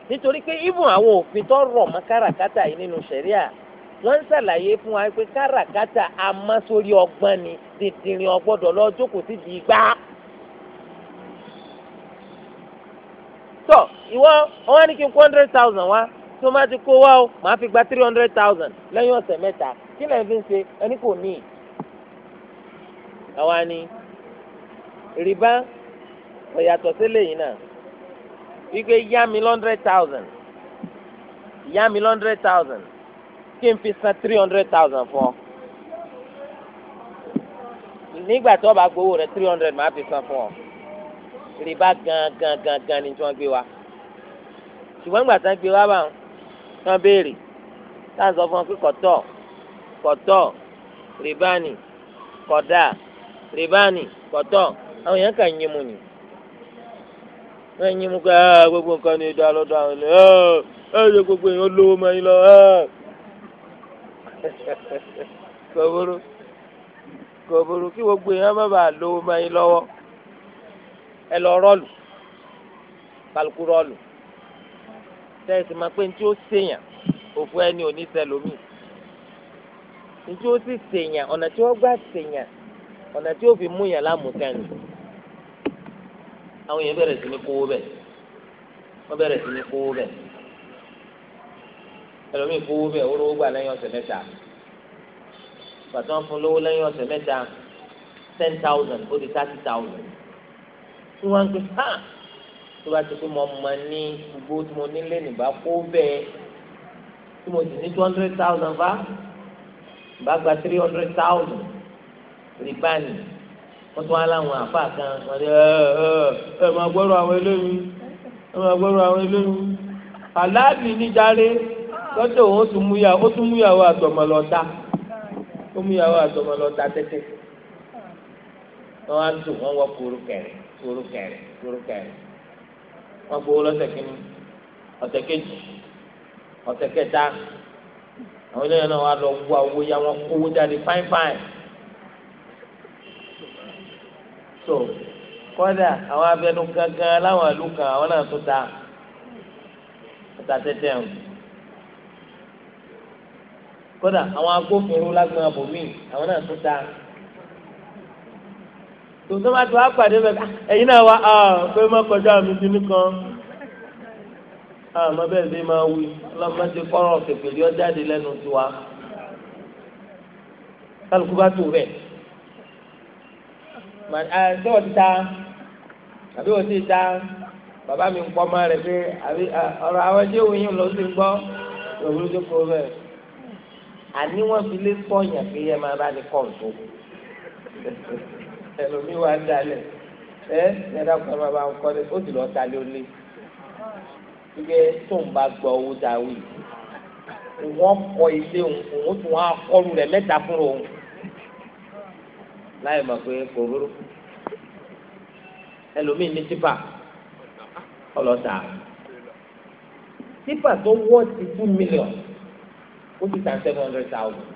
S1: nítorí pé ibùn àwọn òfin tó rọ̀ mọ́ káràkátà yìí nínú ṣẹ̀ríà wọ́n ń ṣàlàyé fún wa pé káràkátà amásórí ọgbọ́n ni dìndìnrín ọgbọ́dọ̀ lọ́jọ́ kò sí di gbá tọ̀ ìwọ wọn ní kí n kó hundred thousand wá tí wọ́n bá ti kó wá o màá fi gba three hundred thousand lẹ́yìn ọ̀sẹ̀ mẹ́ta kí lẹ́yìn fi ń ṣe ẹni kò ní ì. àwa ni rìbá ọ̀yàtọ̀ sílẹ̀ yìí náà wípé yá mi hundred thousand yá mi hundred thousand kí n fi san three hundred thousand fún ọ nígbà tí wọ́n bá gbowó rẹ̀ three hundred màá fi san fún ọ rìbá gan gan gan gan ni tí wọ́n gbé wa ṣùgbọ́n ìgbà tán gbé wa bá wọn tán béèrè táà sọ fún wọn pé kọ̀tọ̀ kọ̀tọ̀ rìbá ni kọ̀dà rìbá ni kọ̀tọ̀ àwọn èèyàn kàn yín mu ni wọ́n yín mu pé gbogbo nǹkan ni ìdá lọ́dọ̀ àwọn ènìyàn ẹ ẹ gbogbo èèyàn lówó mọ́ yín lọ ẹ kòboro kòboro kí gbogbo èèyàn má bàa lówó mọ́ yín lọ́wọ́ ẹ lọ rọ́ọ̀lù kálukú rọ́ọ̀lù tẹ́sí ma pé ntí ó sèyàn òfu ẹni ò ní sẹlómi ntí ó sì sèyàn ọ̀nà tí ó gbà sèyàn ọ̀nà tí ó fi mú yàn lámùtẹ́ni àwọn yẹn bẹ̀rẹ̀ sí ní kówó bẹ̀ wọ́n bẹ̀rẹ̀ sí ní kówó bẹ̀ ẹlòmíì kówó bẹ̀ ó lówó gbà lẹ́yìn ọ̀sẹ̀ mẹ́ta pàtó wọn fún lówó lẹ́yìn ọ̀sẹ̀ mẹ́ta ten thousand ó di thirty thousand tí wọ́n ń gbé hàn tó bá ti pé mo mọ ní gbogbo tí mo nílé nìbá kó bẹ́ẹ̀ tí mo sì ní two hundred thousand fa bá gba three hundred thousand rìbá ni wọ́n tún wá láwọn àfa kan wọ́n ti ẹ ẹ ẹ máa gbọ́rọ̀ àwọn eléyìí ẹ máa gbọ́rọ̀ àwọn eléyìí aláàbì níjàre lọ́jọ́ òun ó tún mú yàwó ó tún mú yàwó àtọ̀mọ̀lọ́ta ó mú yàwó àtọ̀mọ̀lọ́ta tẹ́tẹ́ wọ́n á dùn wọ́n wọ́ kúrú kẹrin gbóró kẹrẹ gbóró kẹrẹ wọn gbowó lọ́sẹ̀ kínní ọ̀sẹ̀ kejì ọ̀sẹ̀ kẹta àwọn ilé náà wà lọ wú àwọn ya wọn kówó jáde fáin fáin so kọ́dà àwọn abẹnú gangan láwọn ìlú kan àwọn náà tó ta ta tẹ́tẹ́ ń kọ́dà àwọn agbófinró lágbọn abòmíì àwọn náà tó ta tòótọ́ bá ti wá pàdé bẹ́ẹ̀ ah, ẹ̀yin náà wá ah, pé má kọjá mi ti ní kan ah, àmọ́ bẹ́ẹ̀ bí máa wí ọlọ́mọ ti kọ́rọ̀ kẹfẹ́lẹ́ ọjáde lẹ́nu tiwa kálukú bá tó bẹ́ẹ̀ ṣé wọ́n ti ta àbí wọ́n ti ta bàbá mi ń pọ́ ọmọ rẹ̀ pé àbí ọ̀rọ̀ àwọn ẹjẹ́ òun yìí ló ti ń gbọ́ lọ́wọ́ lójú kúrò bẹ́ẹ̀ àní wọ́n fi lé sọ́ọ̀yàn pé ẹ máa bá ní kọ́ọ̀tù ẹlòmíì wá dalẹ̀ ẹ ẹ̀dá kan máa bá ń kọ́ ẹ ó sì lọ́ọ́ ta lé olé wípé tó ń bá gbọ́ owó dáwì wọ́n kọ́ ilé òun tún wọ́n á kọ́lu rẹ̀ mẹ́ta fún òun láì mọ̀ pé kò rúrú ẹlòmíì ní tipa ọlọ́ta tipa tó wọ́ ti two million ó ti ta seven hundred thousand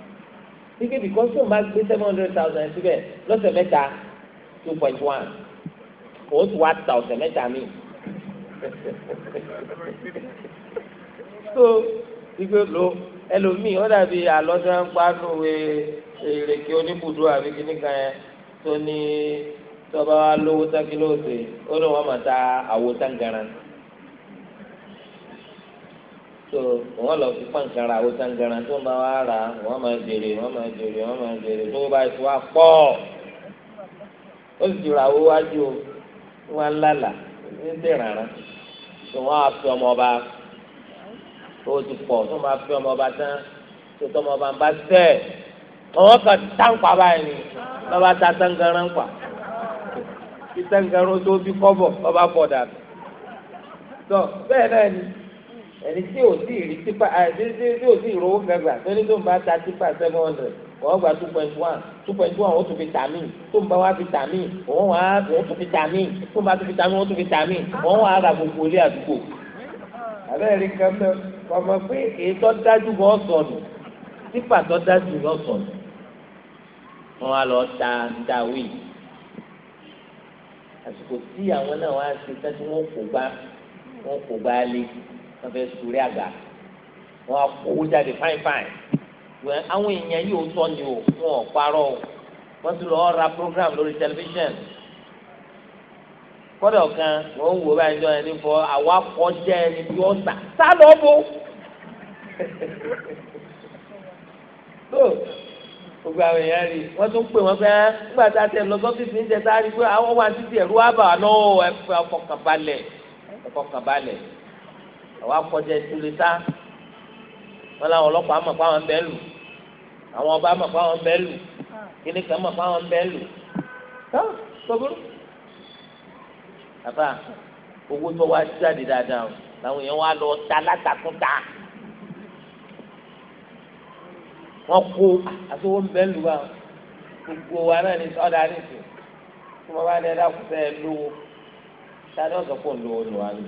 S1: wípé bìkọ́ tó ń bá gbé seven hundred thousand síbẹ̀ lọ́sẹ̀ mẹ́ta two point one òun ti wá ta ọ̀sẹ̀ mẹ́ta mi. so igbe lo ẹlòmíì ó dàbí àlọ́sẹ̀ ń gbanú èrèké oníbùdó àbí kíní kan yẹn tó ní tọ́ba wa lówó tákì lóòsè ó ní wọ́n máa ta àwo tangaran so wọ́n lọ fi pàǹkàrà àwo tangaran tó ń bá wa rà wọ́n máa jèrè wọ́n máa jèrè wọ́n máa jèrè tó bá ti pọ̀ ó sì ra owó wájú o wọn lálà ní dèrànà tó wọn á fi ọmọ ọba ó ti pọ̀ tó máa fi ọmọ ọba tán tó tọmọ ọba ń bá tẹ̀ ọwọ́ kan táǹpà báyìí ni lọ́ba ta sàngaran pa kí sàngaran tó fi kọ́bọ̀ lọ́ba bọ̀ dàbí tọ́ bẹ́ẹ̀ náà ni ẹni tí ò sí ìrí tipa àti tí ò sí ìrówó gàgbà tó ní tó ń bá ta tipa seven hundred wọ́n gba two point one two point one wọ́n tún fi tàmí tó ń bá wá fi tàmí wọ́n wá wọ́n tún fi tàmí tó ń bá tún fi tàmí wọ́n tún fi tàmí wọ́n wá ra gbogbo ilé àdúgbò. àbẹ́rẹ́ kan mẹ́ ọmọ pé èyí tó dájú wọ́n sọnù sípà tó dájú wọ́n sọnù. wọ́n wá lọ ta dawí àsìkò tí àwọn náà wá ṣe tẹ́tí wọ́n kò gbá wọ́n kò gbá lé wọ́n fẹ́ sùúrẹ́ àgbà wọ́n á kówó jáde fáìfáì àwọn èèyàn yìí ò tọ́ ni o wọn ò parọ́ o wọ́n ti lọ ra program lórí tẹlifíṣàn kọ́dọ̀ kan wọ́n ń wò báyìí jọ ẹni fọ àwa kọ́ jẹ́ ẹni tí ó sà sá lọ bó. gbogbo àwọn èèyàn rí wọ́n tún pè wọ́n fẹ́ nígbà tá a tẹ̀ lọ sọ́fíìsì ń jẹta rí pé àwọn wà títí ẹ̀rú wà bà lọ́ ẹ̀fọ̀kànbalẹ̀ ẹ̀fọ̀kànbalẹ̀ àwa kọ́ jẹ́ ìtúlẹ̀ sá wọ́n láwọn ọlọ́pàá mọ̀ pé àwọn ń lù àwọn ọba mọ̀ fáwọn bẹ́ẹ̀lù kíní kan mọ̀ fáwọn bẹ́ẹ̀lù tó gbogbo. bàbá owó tó wá jáde dáadáa làwọn èèyàn wá lọ ta látàkúta wọn kó àti owó bẹ́ẹ̀lù wa gbogbo wa náà ní sọ́dà nìsín tí wọ́n bá ní ẹ̀dá kúta ẹ̀ lówó sáré ọ̀sán kò lówó lò wá ní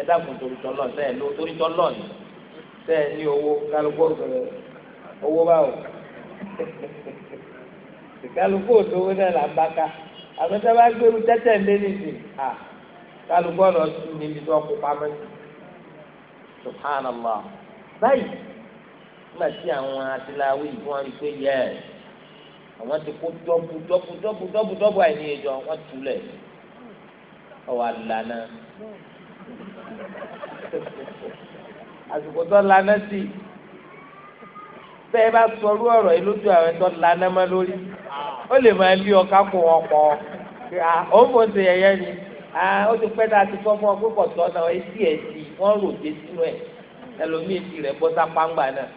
S1: ẹ̀dá kúta torítọ́ lọ́ọ̀ sẹ́ẹ̀ lówó torítọ́ lọ́ọ̀ ní sẹ́ẹ̀ ní owó kálukú ọ̀gbẹ̀rẹ̀ owó báwo kálukú òdòwó náà là ń bá ká àmọ́tá bá gbẹrú tẹ́tẹ́ lé nìyí à kálukú ọ̀nà ọtún níbi tí wọ́n kó pamọ́ sí subhanallah báyìí nígbà tí àwọn atiláwí yìí wọ́n rí pé yẹ àwọn ti kó dọ́bù dọ́bù dọ́bù dọ́bù dọ́bù àìní ìjọ wọ́n túlẹ̀ ọwọ́ àlànà àsìkò tó lànà sí i tẹ́ ẹ bá sọrú ọ̀rọ̀ yìí lójú àwọn ẹ̀tọ́ lànà má lórí ó lè máa lé ọkà kó wọn pọ̀ ó ń fòsè yẹyẹ ni ó ti pẹ́ tá a ti sọ fún ọ pé kò sọ náà etí ẹ̀ sí wọ́n rò dé sínú ẹ̀ ẹlòmíì ti rẹ̀ bọ́ sápáǹgbà náà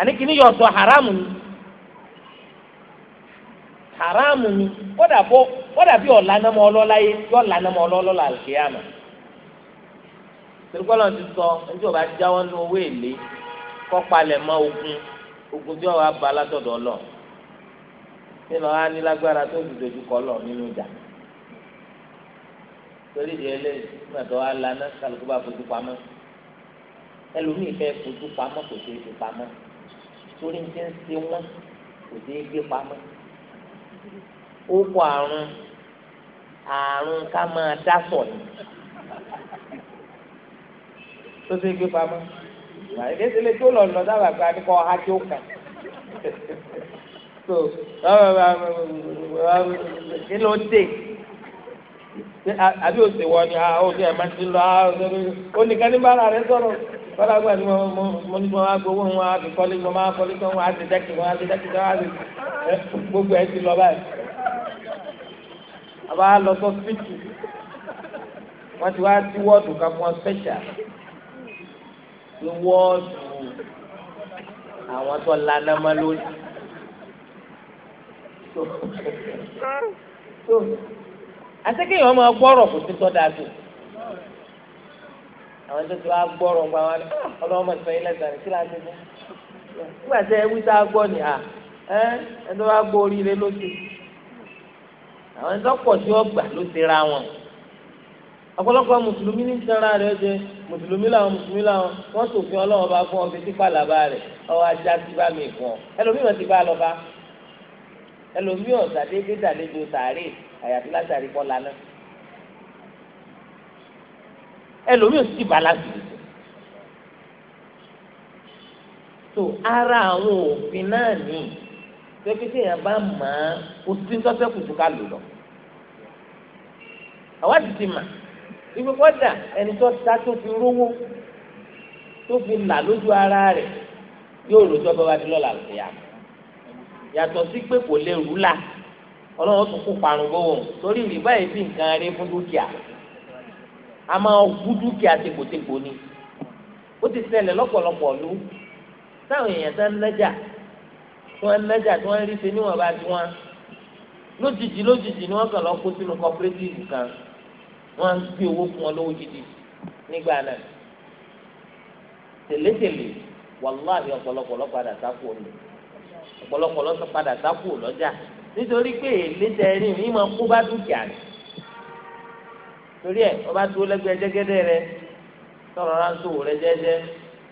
S1: àní kìíní yọ sọ haramu ni haramu ni kódà bọ́ kódà bí ọ̀lànàmọ́ ọlọ́lá yé yọ̀ ọ̀lànàmọ́ ọlọ́lá àlùkìyàmà tẹlifọlọ ti sọ ẹni tí o bá jáwọ́ nínú owó èlé kọ́palẹ̀ mọ́ ogun ogun tí wọ́n wá látọ̀dọ̀ lọ nínú wa ní lágbára tó fi dojú kọ lọ nínú ìjà torí di eléyìí nígbà tó wá lana kálukú bá fojú pamọ́ ẹlòmíì fẹ́ fojú pamọ́ kò ṣeé fi pamọ́ torí ní ti ń ṣe wọ́n kò ṣeé gbé pamọ́ ó kọ àrùn àrùn ká máa dá sọ̀ ni tó ṣeé gbé pamọ́ ìdẹ́sẹ̀lẹ̀ tó lọ lọ dábàá pé adìkọ́ ha tó kàn so kí ló dé àbí òsè wọ ni ah, ó ní ẹ̀ máa ti lọ ó ní kẹ́ni bá ara rẹ sọ̀rọ̀ bọ́lá gba ni mo ní mo máa gbowó wọn á fi kọ́lé mo máa kọ́lé tó wọn á ti dẹ́kì wọn á ti dẹ́kì tó wọn á ti gbogbo ẹ̀ ti lọ báyìí. àbá lọ sọ fíìtì wọ́n ti wá sí wọ́ọ̀dù kan fún ọ special pé wọ́ọ̀dù àwọn tó lana má lórí. àtẹ́kẹ́ yìí wọ́n máa gbọ́rọ̀ kò sí tọ́da tó àwọn tó ti wá gbọ́rọ̀ gba wọn ọlọ́wọ́ mọ̀ nípa ilẹ̀ sàrẹ̀ kí láti fún nígbà tí ẹ wí tá a gbọ́ ni à ẹ ẹ tó bá gbọ́ oríire ló ti àwọn tó pọ̀ sí ọgbà ló ti ra wọn ọ̀pọ̀lọpọ̀ mùsùlùmí ní sara rẹ̀ jẹ mùsùlùmí làwọn mùsùlùmí làwọn wọ́n sòfin ọlọ́wọ́ bá fún ọ fi sí pàlàbà rẹ̀ ọwọ́ ajá sí bá mi fún ọ ẹlòmíì wọn ti bá a lọ bá ẹlòmíì ọ̀sà déédéé dàlejò sàárè àyàfi látàrí kọ́ lana ẹlòmíì ò sì bá lásìkò tó ara àwọn òfin náà ní pépété yẹn bá mọ̀ ọ́ kó sí ń tọ́sẹ́kùtù ká lò lọ àwa ti ti mà ibi kọ́dà ẹni tó ta tó fi rówó tó fi là lójú ara rẹ̀ yóò lójọ́ bá wá di lọ́la lọ́la yàtọ̀ sí pé kò lè rú la ọlọ́run tún kó parun bọ́wọ̀ torí rìbá yìí fi nǹkan rí fún dúkìá a máa wú dúkìá tegbòtegbò ni ó ti ṣẹlẹ̀ lọ́pọ̀lọpọ̀ lú táwọn èèyàn tá ń lẹ́jà tí wọ́n ń lẹ́jà tí wọ́n ń rí ṣe níwọ̀n bá ti wọ́n lójijì lójijì ni wọ́n kàn lọ kó sínú cooperative kan wọ́n á ń gbé owó fún wọn lówó gidi nígbà náà tẹ́lẹ̀tẹ́lẹ̀ wàláhì ọ̀pọ̀lọpọ̀ ló padà sáfù omi ọ̀pọ̀lọpọ̀ ló padà sáfù lọ́jà nítorí pé èlé tẹrin ní máa kó bá dúkìá rẹ̀ torí ẹ̀ ọba tó lẹ́gbẹ̀ẹ́ jẹ́gẹ́dẹ́ rẹ̀ tọrọ ránṣọ rẹ̀ jẹ́jẹ́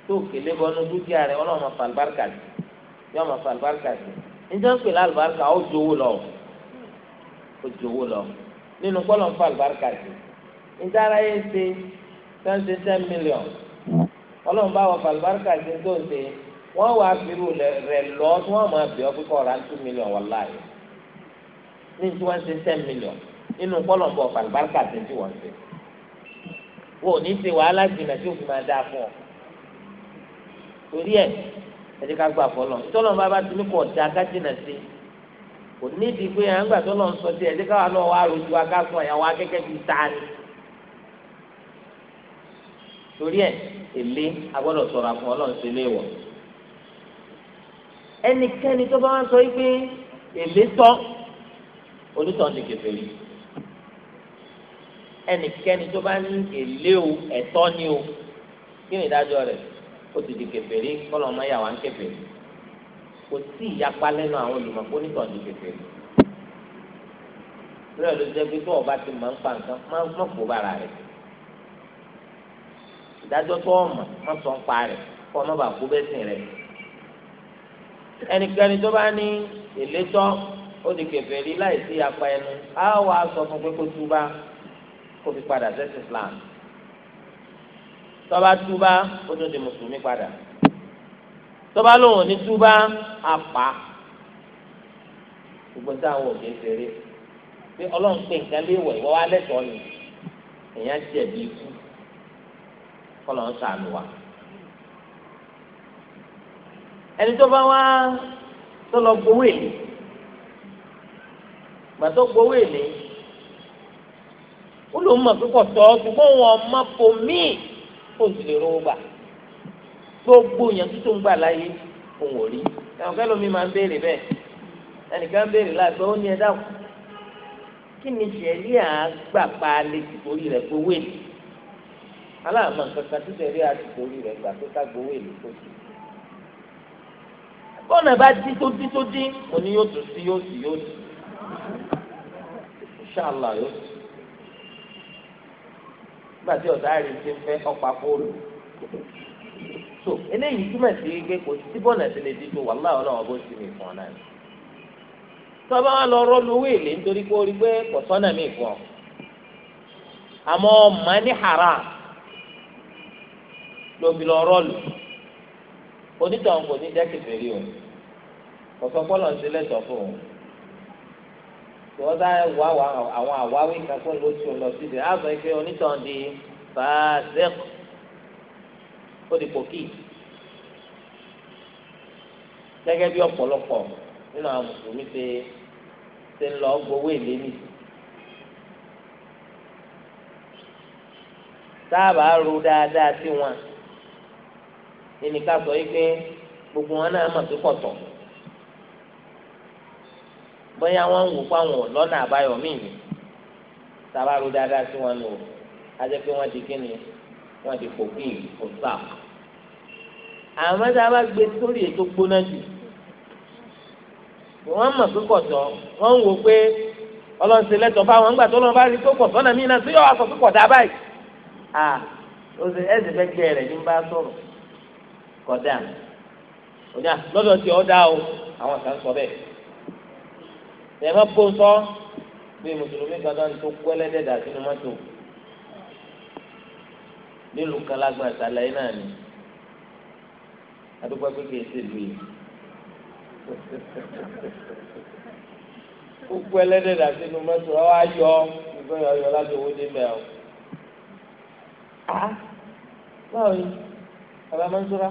S1: tó kélé bọnú dúkìá rẹ̀ ọlọ́run afa àlùbáríkà sí yọ ọmọ afa àlùbáríkà sí níjọ́ ń pè lá àlùbáríkà ó jowó lọ ó jowó lọ nínú kọ́lọ̀ ń fa àlùbáríkà sí ìdára yẹn ṣe tó ń ṣe ten million ọlọ́run bá wọ fàlùbáríkà ṣe tó ń ṣe wọ́n wàá fìrù rẹ̀ lọ tí wọ́n máa bẹ̀ ọ́ pé kọ́ ra two million wọ́n láàyè ní tí wọ́n ṣe ten million nínú pọ́lọ̀ ń bọ̀ fàlùbáríkà ṣe tí wọ́n ṣe wọ́n ò ní ṣe wàhálà jìnnà tí òfin máa dáa fún ọ torí ẹ ẹdí ká gbà fọlọ ìtọ́lọ́ bá bá ti ní kọ̀ ọ̀dà kájínà sí kò nídìí pé à ń gbà tọ́lọ́ ń sọ sí ẹdí ká wà lọ́wọ́ àròjù akáfọ̀ ẹ̀yàwó akẹ́kẹ́ bíi tani torí ẹ̀ èlé agbọ́dọ̀ sọ̀rọ̀ àfún ọlọ́run ṣe lé wọ̀ ẹnikẹ́ni tó bá wá sọ yìí pé èlé tọ́ onítàn ti kẹfẹ́ rí ẹnikẹ́ni tó bá ní èlé o ẹ̀tọ́ ni o kí ni ìdájọ́ rẹ̀ ó ti di kẹfẹ́ rí kọ́lọ́ ọmọ yàwá ń kẹfẹ́ rí kò sí ìyapa lẹ́nu àwọn olùmọ̀pọ̀ onítàn ti kẹfẹ́ rí rẹ̀ ló jẹ́ pé tó ọba ti máa ń pa nǹkan máa ń mọ̀pọ̀ bára rẹ̀ sí ìdájọ́ tó ọmọ wọn sọ ń pa rẹ̀ kọ́ ọmọ bàá kú bẹ́sìn rẹ̀ ẹnikẹ́ni tó bá ní ìlétọ́ ó di kèfèrí láì sí apá ẹnu á wà á sọ fún pé kó túbá kó fi padà sẹ́sìn Islam tọ́ba túbá ó tún di mùsùlùmí padà tọ́ba lòun ò ní túbá apá gbogbo táwọn òkè ṣeré pé ọlọ́run pé nǹkan lè wọ̀ ìwọ́ wa lẹ́tọ̀ọ́ ni èèyàn jẹ̀bi ikú kọlọ ń sànù wa ẹni tó bá wá tó lọ gbowó èlé gbàtó gbowó èlé ó lòún mọ̀ pípọ̀ tọ́ ṣùgbọ́n wọn ọmọ kò míì kó o sì lè rówó gbà gbogbo yẹn tó tó ń gbà láyé òun ò rí ẹ̀wọ̀n kẹ́lò mi máa ń béèrè bẹ́ẹ̀ ẹnìkan ń béèrè láàgbẹ́ ó ní ẹ dákun kí ni sẹ́líà gbà pa alẹ́ tìtorí rẹ̀ gbowó èlé aláàmọ nǹkan kan tí tẹ̀lé àtìkò orí rẹ̀ gbà pé ká gbowó èlò tó ti. bọ́ọ̀nà bá dín tó dín tó dín òní yóò tún sí yóò sì yóò sì ṣáàlà yóò sì. nígbà tí ọ̀dà rẹ̀ ti fẹ́ ọ̀pá fóònù. so eléyìí túmọ̀ sí pé kò sí bọ́ọ̀nà tí lè dín tó wà láwọn bó ti mi fún ọ náà. tọ́ba wa lọ rọ́ọ̀lù owó èlé nítorí pé ó rí pé lóbi lọ rọ́ọ̀lù onítàn kò ní dẹ́kẹ̀fẹ́ rí o kọ̀sọ́ pọ́lọ̀ ń ṣe lẹ́tọ̀ọ́ fún òun wọ́n bá wà àwọn àwáwí kan fún lóṣù lọ síbi àbọ̀ ìfẹ́ onítàn di fàásẹ́k ó di pòkì gẹ́gẹ́ bí ọ̀pọ̀lọpọ̀ nínú àwọn mùsùlùmí ṣe ṣe ń lọ gbowó èlé nìyí. sábà ru dáadáa sí wọn ẹnì ká sọ yìí pé gbogbo wọn náà mọ̀ sí pọ̀tọ̀ bóyá wọn ń wò fáwọn lọ́nà àbáyọ míì ni sábàrú dáadáa sí wọn lò ajẹ́ pé wọ́n di kíni wọ́n di kòkín òsà àmọ́ tá a bá gbé sórí ètò gbóná jù wọ́n mọ̀ pé pọ̀tọ̀ wọ́n ń wò pé ọlọ́run ṣe lẹ́tọ̀ọ́ fáwọn ńgbà tó lọ́n bá rí tó pọ̀ sọ́nà míì náà tó yọ wá sọ pé pọ̀tà báyìí à ó ṣe ẹ̀sìn fẹ́ gbé rẹ̀ ní bá sọ̀rọ̀ kọjá ònyà lọ́dọ̀ tí ọ dá o àwọn kan sọ bẹ́ẹ̀ tẹ̀mọ́ gbóńsọ́ bí mùsùlùmí kan náà tó kú ẹlẹ́dẹ̀ dà sínú mọ́tò nílùú kan lágbàá ìsàlẹ̀ náà ni adúgbò pé
S2: kìí ṣe lùyìn
S1: kókó ẹlẹ́dẹ̀ dà sínú mọ́tò ọ wá yọ ìgbọ́ yọ yọ láti owó dé bẹ́ẹ̀ o. báwo ni bàbá máa ń sọ́ra.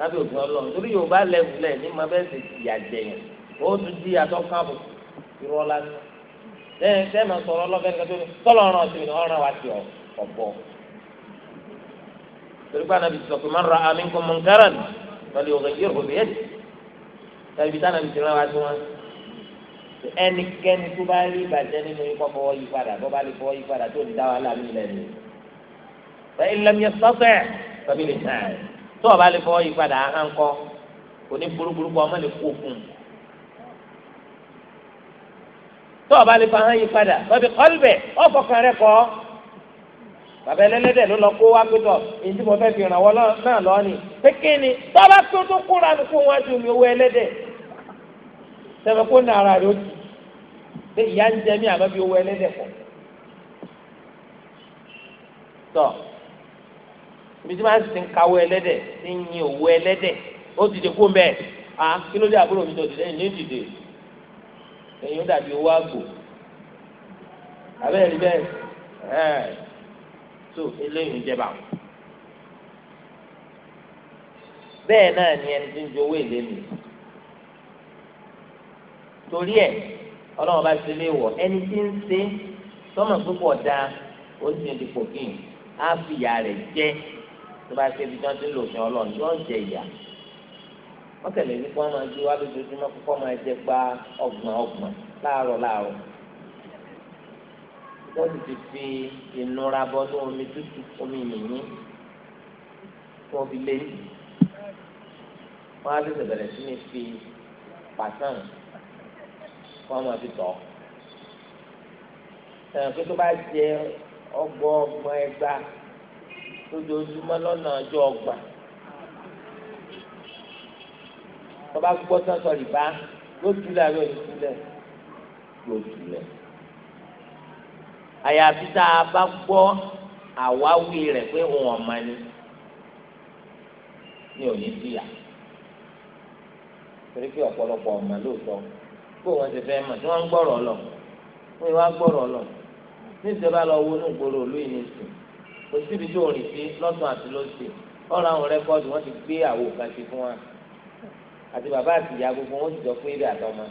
S1: lábẹ́ òfin ọlọ́run torí yorùbá lẹ́gùlẹ̀ ní ma bẹ́ẹ̀ tètè yàjẹ̀yàn ó tún di àtọ́kábò irọ́ lánàá lẹ́yìn tẹ́ ma sọ̀rọ̀ ọlọ́fẹ́ nìkan tó ní tọ́lọ̀ ọ̀ràn ọ̀sìn ní ọ̀ràn wa ti ọ̀bọ̀ torí pé anabi sọ pé má ra àmì nǹkan mọ̀ nkárà ni lọ́lẹ́ òkè yẹ òbí yẹ tàbí tá anabi ti rán wa tí wọ́n ẹnikẹ́ni tó bá rí ìbàjẹ́ nínú yín fọwọ́ yí padà bọ́ bá lè fọwọ́ yí padà tó ní dáwọ́ aláàbí lẹ́nu. fẹ́ ilẹ̀ mi sọ́sẹ̀ tàbí lè tàn tó o bá lè fọwọ́ yí padà ahán kọ́ kò ní burúburú kọ́ ọmọ lè kó fún un tó o bá lè fọwọ́ yí padà lọ́bi kọ́lbẹ̀ ọ̀fọ̀kan rẹ kọ́ bàbá ẹlẹ́lẹ́dẹ̀ ló lọ kó wá gbẹ́tọ̀ èyí tí mo fẹ́ fi ràn wọ́n náà lọ́ ni pé kí ni tó o bá tó tó kóra kó wọ́n ju mi owó ẹlẹ́dẹ̀ sẹ́fẹ̀ kó nà ara rẹ̀ ó ti ìyá ń jẹ mí àmọ́ owó ẹlẹ́dẹ̀ pọ̀ ibi tí máa ń sin kawọ ẹlẹ́dẹ̀ ti ń yin òwò ẹlẹ́dẹ̀ ó dìde kó mbẹ́ à kí ló dé àbúrò mi tó dìde ẹ̀yìn dìde ẹ̀yìn ó dàbí owó àgbò abẹ́rẹ́ rí bẹ́ẹ̀ ẹ̀ tó eléyìí ń jẹba bẹ́ẹ̀ náà ni ẹni tí ń jowó èlé mi torí ẹ̀ ọlọ́run bá ti lé wọ̀ ẹni tí ń ṣe sọ́mọ̀ púpọ̀ dáa ó sì ń dipò kí n á fìyà rẹ̀ jẹ́ tó bá ṣe ibi tí wọ́n ti ń lò fún ọlọ́run yóò jẹ ìyà wọ́n tẹ̀lé ní kí wọ́n máa ju alójoojúmọ́ kókó máa jẹ gba ọgbọ̀n ọgbọ̀n láàárọ̀ láàárọ̀ wọ́n sì ti fi ìnura bọ́ ní omi tútù omi yìnyín tí wọ́n fi lé yìí wọ́n á tẹ̀sẹ̀ bẹ̀rẹ̀ sí ní fi pàṣán wọ́n máa fi tọ̀ ẹ̀ pé tó bá jẹ ọgbọ̀n ọgbọ̀n ẹgbàá lójoojúmọ́ lọ́nà ọjọ́ ọgbà tọ́ba gbọ́ tán sọ rìbá yóò túlẹ̀ àbí òní túlẹ̀ yóò túlẹ̀ àyàfi tá a bá gbọ́ àwáwí rẹ̀ pé òun ọ̀ma ni ní òní bíyà torí pé ọ̀pọ̀lọpọ̀ ọ̀ma lóòótọ́ kó wọn ti fẹ́ mọ̀ tí wọ́n ń gbọ́rọ̀ lọ wọ́n wá gbọ́rọ̀ lọ ní ìjọba lọ wo ní ìgboro olú yìí ní ìsìn kò síbi tí òun rìn sí lọ́sùn àti lọ́sì ọ̀rọ̀ àwọn rẹ́kọ́ọ̀dù wọ́n ti gbé àwo kan ṣe fún wa àti bàbá àti ìyá gbogbo wọn ti jọ pé èdè àtọmọ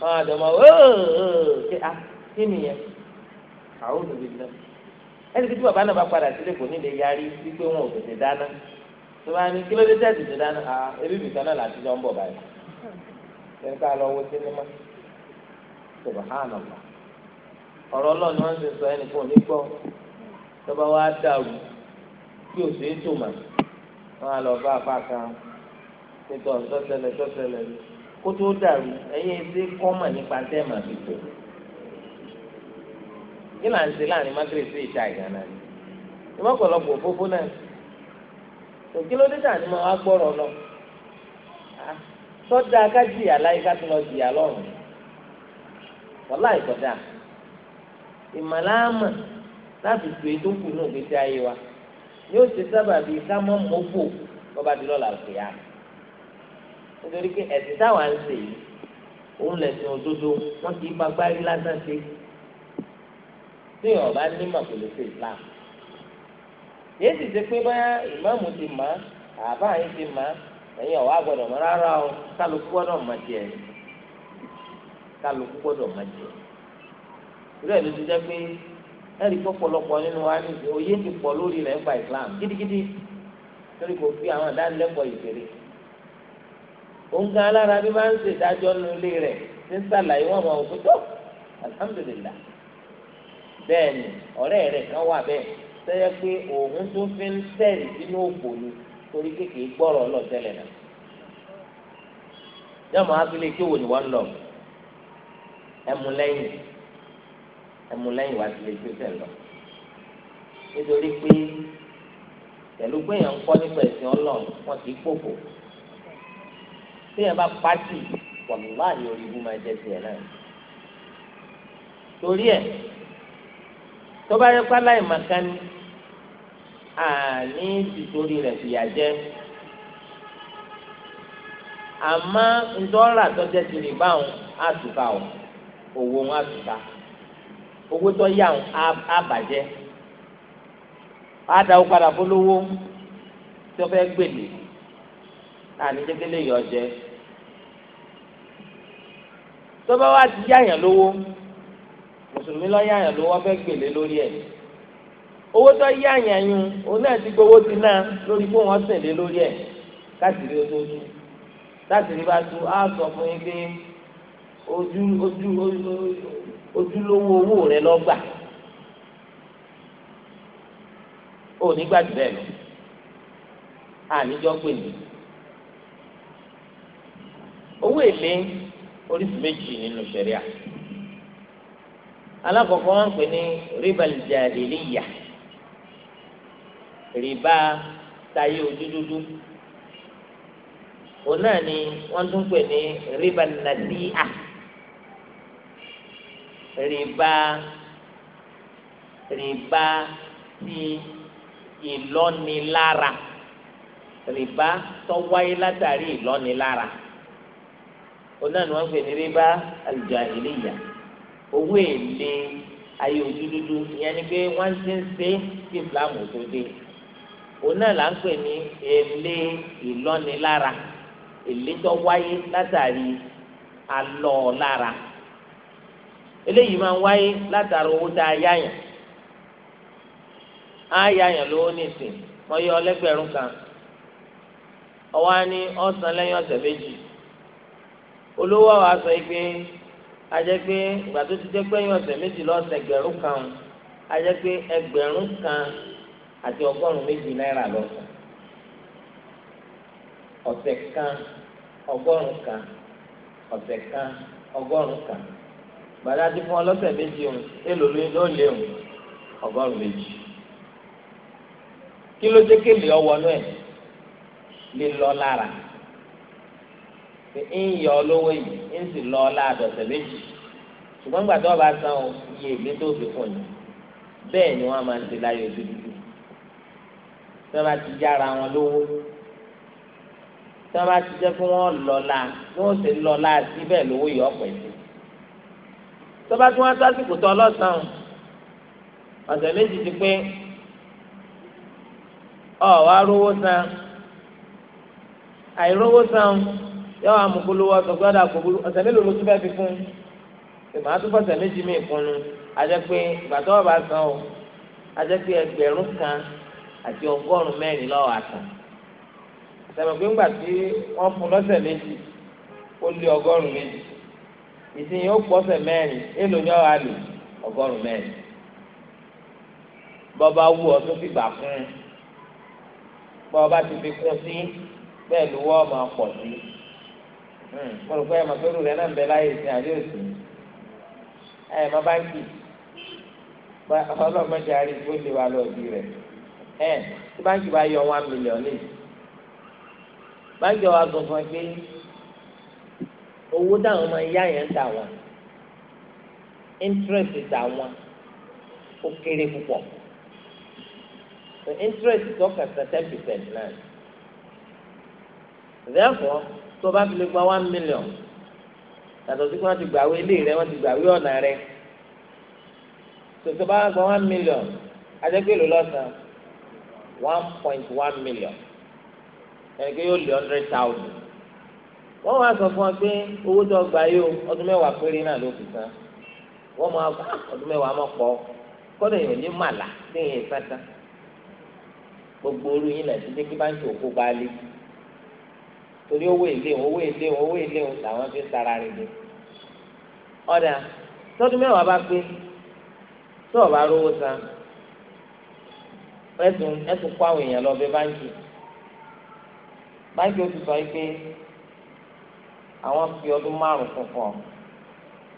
S1: wọn àtọmọ ṣe à kí nìyẹn àwọn olùbí náà ẹni tí bàbá náà bá padà sílé kò ní lè yarí wípé wọn ò tètè dáná tó bá ní kí ló dé tẹ́tì tó dáná à ah, ebi bìkan náà láti jọ ń bọ̀ báyìí ṣe ká lọ wo sinimá subhanallah ọ̀rọ̀ ọlọ́run wọn ti sọ ẹnì tọ́ba wa dàrú kí o ṣe é tò mà wọn á lọ bá apá kan tètò ọ̀sọ́sẹlẹ̀ sọ́sẹlẹ̀ kó tó dàrú ẹ̀yìn ẹsẹ̀ kọ́mà nípa tẹ́ẹ̀mà fi tò kí là ń ṣe láàrin mágírèsì ìṣá ìgànnà ni ìmọ̀pọ̀lọpọ̀ òfófó náà òkè ló dé tàní máa wá gbọ́rọ̀ lọ sọ́dà kájìyà láyé ká tó lọ jìyà lọ́rùn wọ́n láì kọjá ìmàlámà láti tu ètò kù ní ògbésí ayé wa yóò ṣe sábà bíi ká mọ́ mọ́fò bọ́ba di lọ́la òkè yá nítorí pé ẹ̀sìn táwa ń ṣe yìí òun lẹ̀sìn òdodo wọ́n kì í gbagbá rí lásán ṣe tí ọba nímọ̀ kò lè ṣe Islam yéé sì ṣe pé báyà ìmáàmù ti mọ̀ àbá yín ti mọ̀ ẹ̀yin ọ̀wá gbọ́dọ̀ mọ̀ rárá o kálukú gbọ́dọ̀ mọ̀ tiẹ̀ kálukú gbọ́dọ̀ mọ̀ tiẹ̀ ìrẹ́lú ti jẹ́ pé ẹ̀rí pé ọ̀pọ̀lọpọ̀ nínú wa ní ìṣe òye ti pọ̀ lórí rẹ̀ nípa Islam gidigidi torí kò fi àwọn ìdánilẹ́kọ̀ọ́ ìṣeré òǹkà alára bí máa ń ṣe ìdájọ́ nínú ilé rẹ̀ ti ń ṣàlàyé wọn àwọn òkú tó alhamdulilá bẹ́ẹ̀ ni ọ̀rẹ́ rẹ̀ kan wà bẹ́ẹ̀ sẹ́yẹ́ pé òun tó fi ń tẹ̀lé sínú òpò ni torí kékeré gbọ́rọ̀ ọlọ́tẹ̀lẹ̀ náà yọ̀ọ́ máa fi lè lọ ẹ̀mú lẹ́yìn ẹmúlẹ́yìn wá sílé tó tẹ̀ lọ. nítorí pé pẹ̀lú pé èèyàn ń kọ́ nípa ẹ̀sìn ọlọ́run wọn kì í pòfò. téèyàn bá pàtì wàlúwàlú orí ibú máa jẹ́ tiẹ̀ náà. torí ẹ̀ tó bá yẹ pálá ìmàkan ni àní tìtorí rẹ̀ fìyà jẹ àmọ́ ńdọ́rà tó jẹ́ tìrì báwọn àtúkà ò owó wọn àtúkà owó tó yà ń àbàjẹ́ àdáwó padà fọlọ́wọ́ tí wọ́n fẹ́ gbèlè láàrin jẹ́gẹ́lẹ́ yọ jẹ́ tó bá wá ti yáyàn lówó mùsùlùmí lọ yáyàn lówó wọ́n fẹ́ gbèlè lórí ẹ̀ owó tó yáyàn yún òun náà ti gbowó ti náà lórí fún wọn sèlé lórí ẹ̀ káàkiri ojú ojú láti rí bá tu á sọ fún yín pé ojú ojú ojú ojúlówó owó rẹ lọ́gbà ò ní gbàdú bẹ́ẹ̀ lọ àníjọ́ pè ní. owó èlé oríṣi méjì nínú ṣẹ̀ríà alákọ̀ọ́kọ́ wọn pè ní ribal jahiliya rìbá tayé ojú dúdú òun náà ni wọ́n tún pè ní ribal nasi'a rìbá rìbá ti ìlọ́nilára rìbá tó wáyé látàrí ìlọ́nilára onáà ni wọ́n pè ní rìbá al-jahiliyya owó èlé ayé ojú dúdú ìyẹn ni pé wọ́n ti ń ṣe tí ìsìlámù tó dé onáà là ń pè ní èlé ìlọ́nilára èlé tó látàrí alọ́ọ̀lára eléyìí máa ń wáyé látara owó tá a yáyàn á yáyàn lówó nìsín wọ́n yọ ọlẹ́gbẹ̀rún kan ọwọ́ á ní ọ̀sán lẹ́yìn ọ̀sẹ̀ méjì olówó àwọn aṣọ yìí pé ajẹ́ pé ìgbà tó ti jẹ́ pẹ́yìn ọ̀sẹ̀ méjì lọ́sẹ̀ ẹgbẹ̀rún kan ajẹ́ pé ẹgbẹ̀rún kan àti ọgọ́rùn méjì náírà lọ́sàn ọ̀sẹ̀ kan ọgọ́rùn kan ọ̀sẹ̀ kan ọgọ́rùn kan gbàdájú fún ọlọ́sẹ̀ méjì òun èlò ló lé òun ọgọ́rùn méjì kí ló jẹ́ kéèlè ọwọ́ náà lè lọ lára pé ń yọ olówó yìí ń sì lọ láàdọ̀sẹ̀ méjì ṣùgbọ́n nígbà tó bá san iye ìgbé tó fi fún yìí bẹ́ẹ̀ ni wọ́n máa ń ti láyé ojú dúdú tí wọ́n bá ti yára wọn lówó tí wọ́n bá ti jẹ́ kí wọ́n lọ́la bí wọ́n ṣe lọ́la síbẹ̀ lówó yìí ọ̀pẹ̀ sí tọ́ba tí wọ́n sásìkò tọ́ lọ́sàn-án ọ̀sẹ̀ méjì ti pé ọ̀ wá rówó san àìrówó san yọ àmukulu ọ̀sọ̀gbọ́dọ̀ àkókòrò ọ̀sẹ̀ mélòó ló tún bẹ́ẹ̀ fi fún ìmọ̀ àtúbọ̀ ọ̀sẹ̀ méjì mí ìkùnú àjẹpé ìgbà tó ọba san o àjẹpé ẹgbẹ̀rún kan àti ọgọ́rùn-ún mẹ́rin lọ́wọ́ àtàn sẹ̀mọ̀ pé ńgbà tí wọ́n fún lọ́sẹ̀ méjì ó lé ọgọ́rùn-ún méjì ìsìn yóò pọ̀sẹ̀ mẹ́rin èlò ní ọ̀hà lò ọgọ́rùn mẹ́rin bọ́ba wú ọ tó fi gbà kún bọ́ba ti fi kún sí bẹ́ẹ̀ lówó ọmọ pọ̀ sí hmm, mo rò pé ẹ̀ máa fẹ́rù rẹ̀ náà ń bẹ láyé ìsìn àdé òsì ẹ̀ máa báńkì ọlọ́mọdé àríwó lè wà lọ́ọ̀dì rẹ̀ ẹ̀ tí báńkì bá yọ one million lè báńkì ọ̀ wá sọ pé owó táwọn máa yá yẹn tà wọn interest tà wọn ó kéré púpọ̀ interest tó kàtà ten percent náà therefore tó bá fi lè gba one million yàtọ̀ sí pé wọ́n ti gbàwé ilé rẹ wọ́n ti gbàwé ọ̀nà rẹ tó bá gba one million adégbèlú lọ́sàn-án one point one million ẹni pé yóò lé hundred thousand wọ́n máa sọ fún wa pé owó tó gbà yìí o ọdún mẹ́wàá péré náà ló fi san wọ́n máa bá ah, ọdún mẹ́wàá mọ̀ pọ̀ kọ́dọ̀ yìí ò ní màlà léyìn ìsáta gbogbo orí yín lẹ́sìn jẹ́ kí báńkì òkú bá lé torí owó èlé owó èlé owó èlé làwọn fi ń sara rẹ̀ lé ọ̀dà tọ́dún mẹ́wàá bá pé tó ọ̀bá rówó san ẹ̀sùn ẹ̀sùn kó àwọn èèyàn lọ bẹ báńkì báńkì ó ti sọ yìí pé àwọn fi ọdún márùn kún fún ọ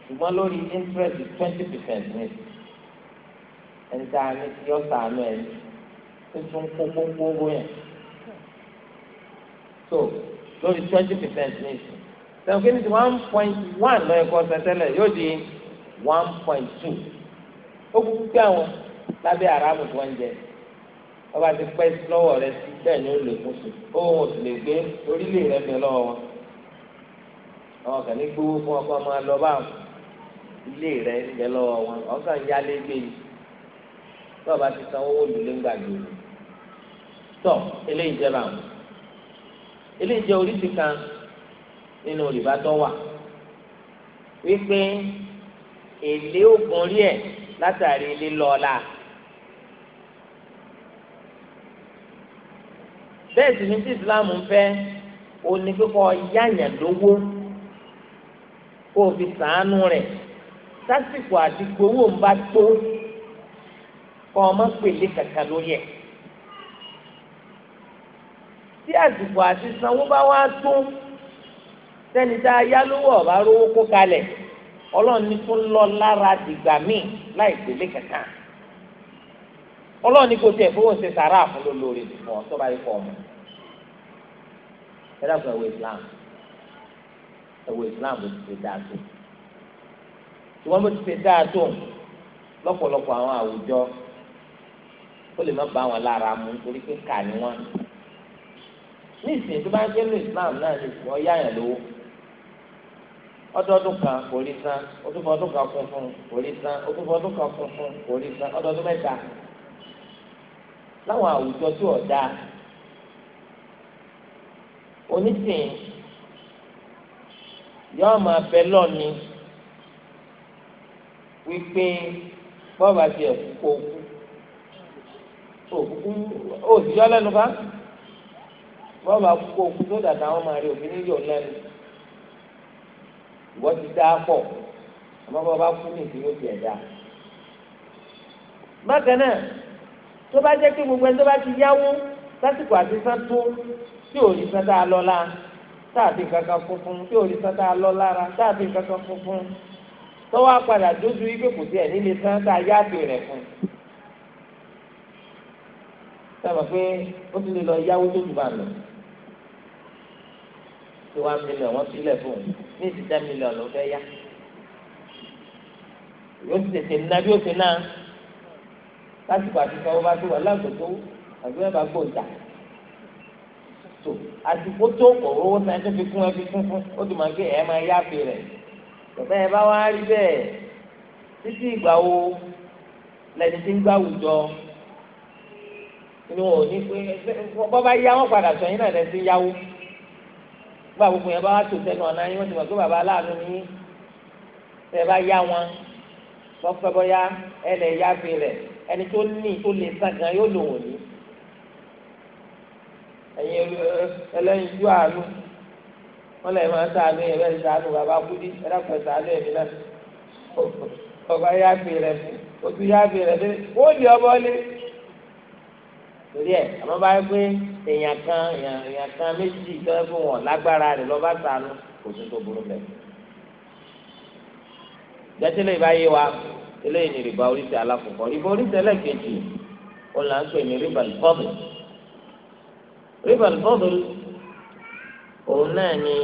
S1: ṣùgbọ́n lórí interest twenty percent ní ẹni tá a ní tí ó sàánú ẹ tó tún kó gbogbo yẹn so lórí twenty percent ní sẹ́wọ́n kí ni ti one point one lọ́yẹ̀ kọ́ sẹ́tẹ́lẹ̀ yóò di one point two ó kúkú pé àwọn lábẹ́ aráàmù tó ń jẹ ọba ti pẹ́ lọ́wọ́ rẹ sí bẹ́ẹ̀ ni ó lè kó sùn ó sì lè gbé orílẹ̀ rẹ mi lọ́wọ́ wọn àwọn kan ní gbowó fún ọkọ máa lọ bá wọn ilé rẹ ń bẹ lọ́wọ́ wọn ọkàn yálé gbé yìí tó o bá ti sanwó olùlé ń gbàgbé o tọ eléyìí jẹba wọn eléyìí jẹ oríṣi kan nínú rìbá tó wà wípé èlé ògùn rí ẹ látàrí lílọ́ọ̀la bẹ́ẹ̀ sì ni tí ìsìláàmù ń fẹ́ oníkókò yáyàn lówó kó o fi sàánú rẹ̀ sásìkò àti gbowó ń bá tó kọ́ ọmọ pèlè kàkà lórí ẹ̀ tí àsìkò àti sanwó bá wá tó sẹ́ni tá a yá lówó ọ̀bá rówó kó kalẹ̀ ọlọ́ọ̀ni tó ń lọ lára dìgbà míì láì pèlè kàkà ọlọ́ọ̀ni kò tẹ̀ fowó ṣe sàrà fún lólórí fún ọ tó bá yẹ kọ́ ọmọ ẹ dàgbà wọ Islam ẹ̀wọ̀ islam ló ti ṣe dáa tó ṣùgbọ́n bó ti ṣe dáa tó lọ́pọ̀lọpọ̀ àwọn àwùjọ ó lè má bá wọn lára mu torí pé kà ní wọn ní ìsìn tó bá ń gbẹ́nu islam náà ní ìsìn ọ̀yá yẹn lówó ọdọọdún kan kò rí san ọdúnfọ ọdún kan kún fún kò rí san ọdúnfọ ọdún kan kún fún kò rí san ọdọọdún mẹ́ta láwọn àwùjọ tí ọ̀dà onísìn yọọ máa bẹ lọ́ọ̀ni wípé bọ́ọ̀bù àti ẹ̀kú kó òkú òsìjọ́ lẹ́nu ká bọ́ọ̀bù àkókò òkú tó dàda wọn máa rí òfin níyọ̀ lẹ́nu ìwọ́n ti dá pọ̀ àmọ́ bọ́ọ̀bù àkókò ní ìdílé tiẹ̀ dá. bákan náà tó bá jẹ́ pé gbogbo ẹni tó bá ti yáwó lásìkò àti sán tó tí ò ní sán tá a lọ́la sáàbì kankan kún tí òòlì sàn tá a lọ lára sáàbì kankan kún fún tọ́wọ́ apàdà ibi kò sí nílé sàn tá a yáàpè rẹ̀ fún. sábà pé ó ti lè lọ yáwó tó jù bá lọ tí one million wọ́n sílẹ̀ fún un ní ti ten million ló fẹ́ yá yóò ti tètè ná bí ó ti ná lásìkò àti sanwó bá tó wà lágbègbè àgbẹ̀ bá gbòòjà tó àsìkò tó kọ̀ owó sàn tó fi kún ẹ fi kún fún ó ti máa gbé ẹ máa yá fi rẹ̀ bẹ́ẹ̀ ẹ bá wá rí bẹ́ẹ̀ títí ìgbà wo lẹni tí ń gbá àwùjọ ni wọn ò ní pé bọ́ bá yá wọn padà sọ yín náà lẹ́sìn yáwó gbà gbogbo yẹn bá wá tó sẹ́nu ọ̀nà yín wọ́n ti mọ̀ pé bàbá aláàánú ni yín tẹ́ bá yá wọn bọ́pẹ́ bọ́yá ẹ lẹ̀ yá fi rẹ̀ ẹni tó ní tó lè sàn gan yóò lò wọ́n ẹ̀yin ẹlẹ́yin ju àánú wọn lè máa sàánú yẹn bẹ́ẹ̀ sàánú bàbá kúdí ẹ̀dàpọ̀ sàánú ẹ̀mí náà ọba yá gbé rẹ fún o tún yá gbé rẹ fún ó di ọbọ lé torí ẹ àmọ́ bá yẹ pé èèyàn kan èèyàn kan méjì tọ́lá fún wọn lágbára rẹ lọ́ba sàánú kò tún tó burú mẹ́rin jẹ́tẹ́lẹ̀ ìbáyé wa eléyìí ni rìbá oríṣi alákòókò rìbá oríṣi ẹlẹ́kẹ̀jì ó là ń pè ní rìbá ìfọ́bù rìbá al-fadl òun náà ni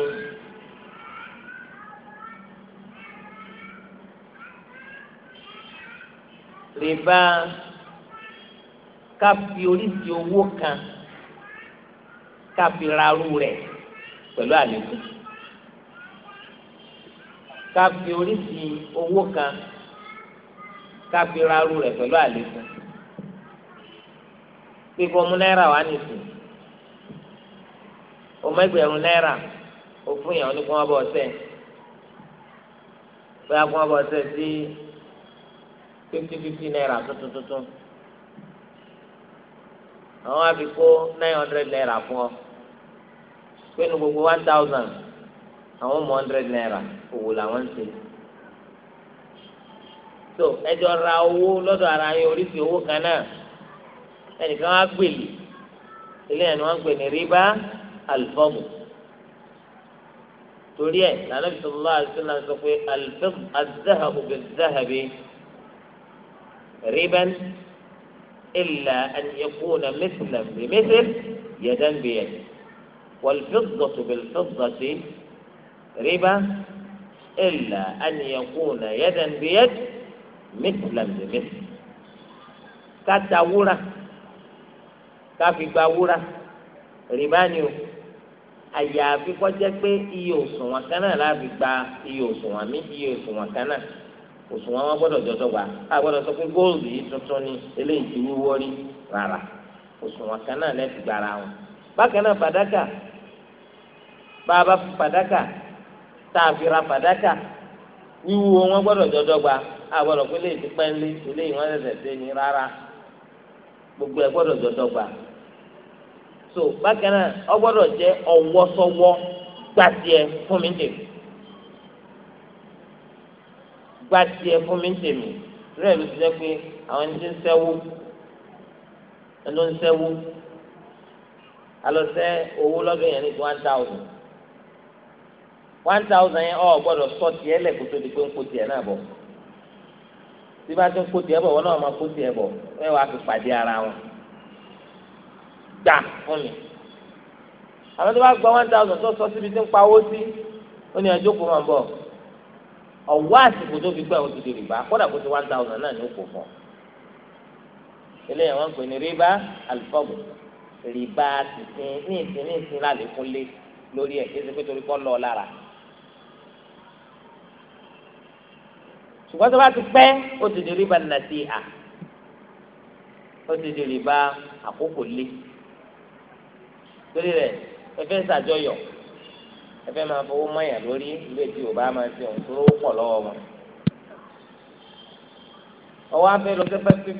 S1: rìbá ká fi oríṣi owó kan ká fi rarú rẹ̀ pẹ̀lú àlékún ká fi oríṣi owó kan ká rarú rẹ̀ pẹ̀lú àlékún pípọ̀ mú náírà wá nìsín ọmọ ẹgbẹ̀rún náírà òfin yẹn oníkun ọbọ ọsẹ bóyá kún ọbọ ọsẹ sí fifty fifty náírà tuntun tuntun àwọn àfi kó nine hundred náírà fún ọ pé nu gbogbo one thousand àwọn mọ hundred naira owó làwọn ń ṣe so ẹjọ ra owó lọ́dọ̀ ara yín oríṣi owó kan náà ẹnìkan wá gbèlè eléyàn ni wọn gbè ní rìbá alifọ́mù torí ẹ̀ nànàbí sọlá àdìsílà sọ pé alifọ́mù azahabu bẹ zahabi riban ilà anyakuna mẹsìlẹm bẹ mẹsìl yẹdan bẹ yẹn wàlfẹ́dọ̀tù bẹ fẹ́dọ̀tù riba ilà anyakuna yẹdan bẹ yẹn mẹsìlẹm bẹ mẹsìl kátà wúrà káfi gba wúrà rìbá ni o. àyàfi kọjá pé iye òṣùwọ̀n kan náà láàbì gba iye òṣùwọ̀n mi iye òṣùwọ̀n kan náà òṣùwọ̀n wọn gbọ́dọ̀ jọjọ wa a gbọ́dọ̀ sọ pé góòlù yìí tuntun ni eléyìí ti wúwọ́ rí rárá òṣùwọ̀n kan náà lẹ́ẹ̀tì gbára wọn. bákan náà fàdákà bá a bá fi fàdákà tá a fi ra fàdákà wíwúwo wọn gbọ́dọ̀ jọjọ wa a gbọ́dọ̀ pé eléyìí ti pẹ́ńlé eléyìí wọn ṣẹ̀ṣẹ̀ ṣe ni rárá gbogbo ẹ̀ gbọ́dọ̀ jọjọ wa so bákan náà ọ gbọdọ jẹ́ ọwọ́sọwọ́ gbàtiẹ fún mi tèmi gbàtiẹ fún mi tèmi rẹ̀ ló ti jẹ́ pé àwọn ẹni tí ń sẹ́wó ẹni tó ń sẹ́wó one thousand one thousand yẹn ọ gbọ́dọ̀ sọ tiẹ̀ lẹ́kọ̀ọ́ di pé ń kó tiẹ̀ náà bọ tí bá ti ń kó wọn náà máa kó gbà fún mi àwọn tó bá gba one thousand tó sọ síbi tí ń pawó sí ó ní ẹjọ́ kó máa bọ̀ ọ̀wọ́ àsìkò tó fi gbà ó ti di rìbá kódà kó ti one thousand náà ní ó kó fún ọ eléyìí wọ́n ń pè ní rìbá alifọ́bù rìbá tìsín ní ìsín ní ìsín lálẹ́kùn lé lórí ẹ̀ kí ẹ ṣe pé torí kọ́ lọ lára. ṣùgbọ́n tó bá ti pẹ́ ó ti di rìbá nàti à ó ti di rìbá àkókò lé torí rẹ̀ ẹfẹ́ ṣàjọyọ̀ ẹfẹ́ máa fowó mọ̀yàn lórí ilé tí yorùbá máa ṣe
S2: òun tó pọ̀ lọ́wọ́ wọn. ọwọ́ afẹ́ lọ sí fẹ́ẹ́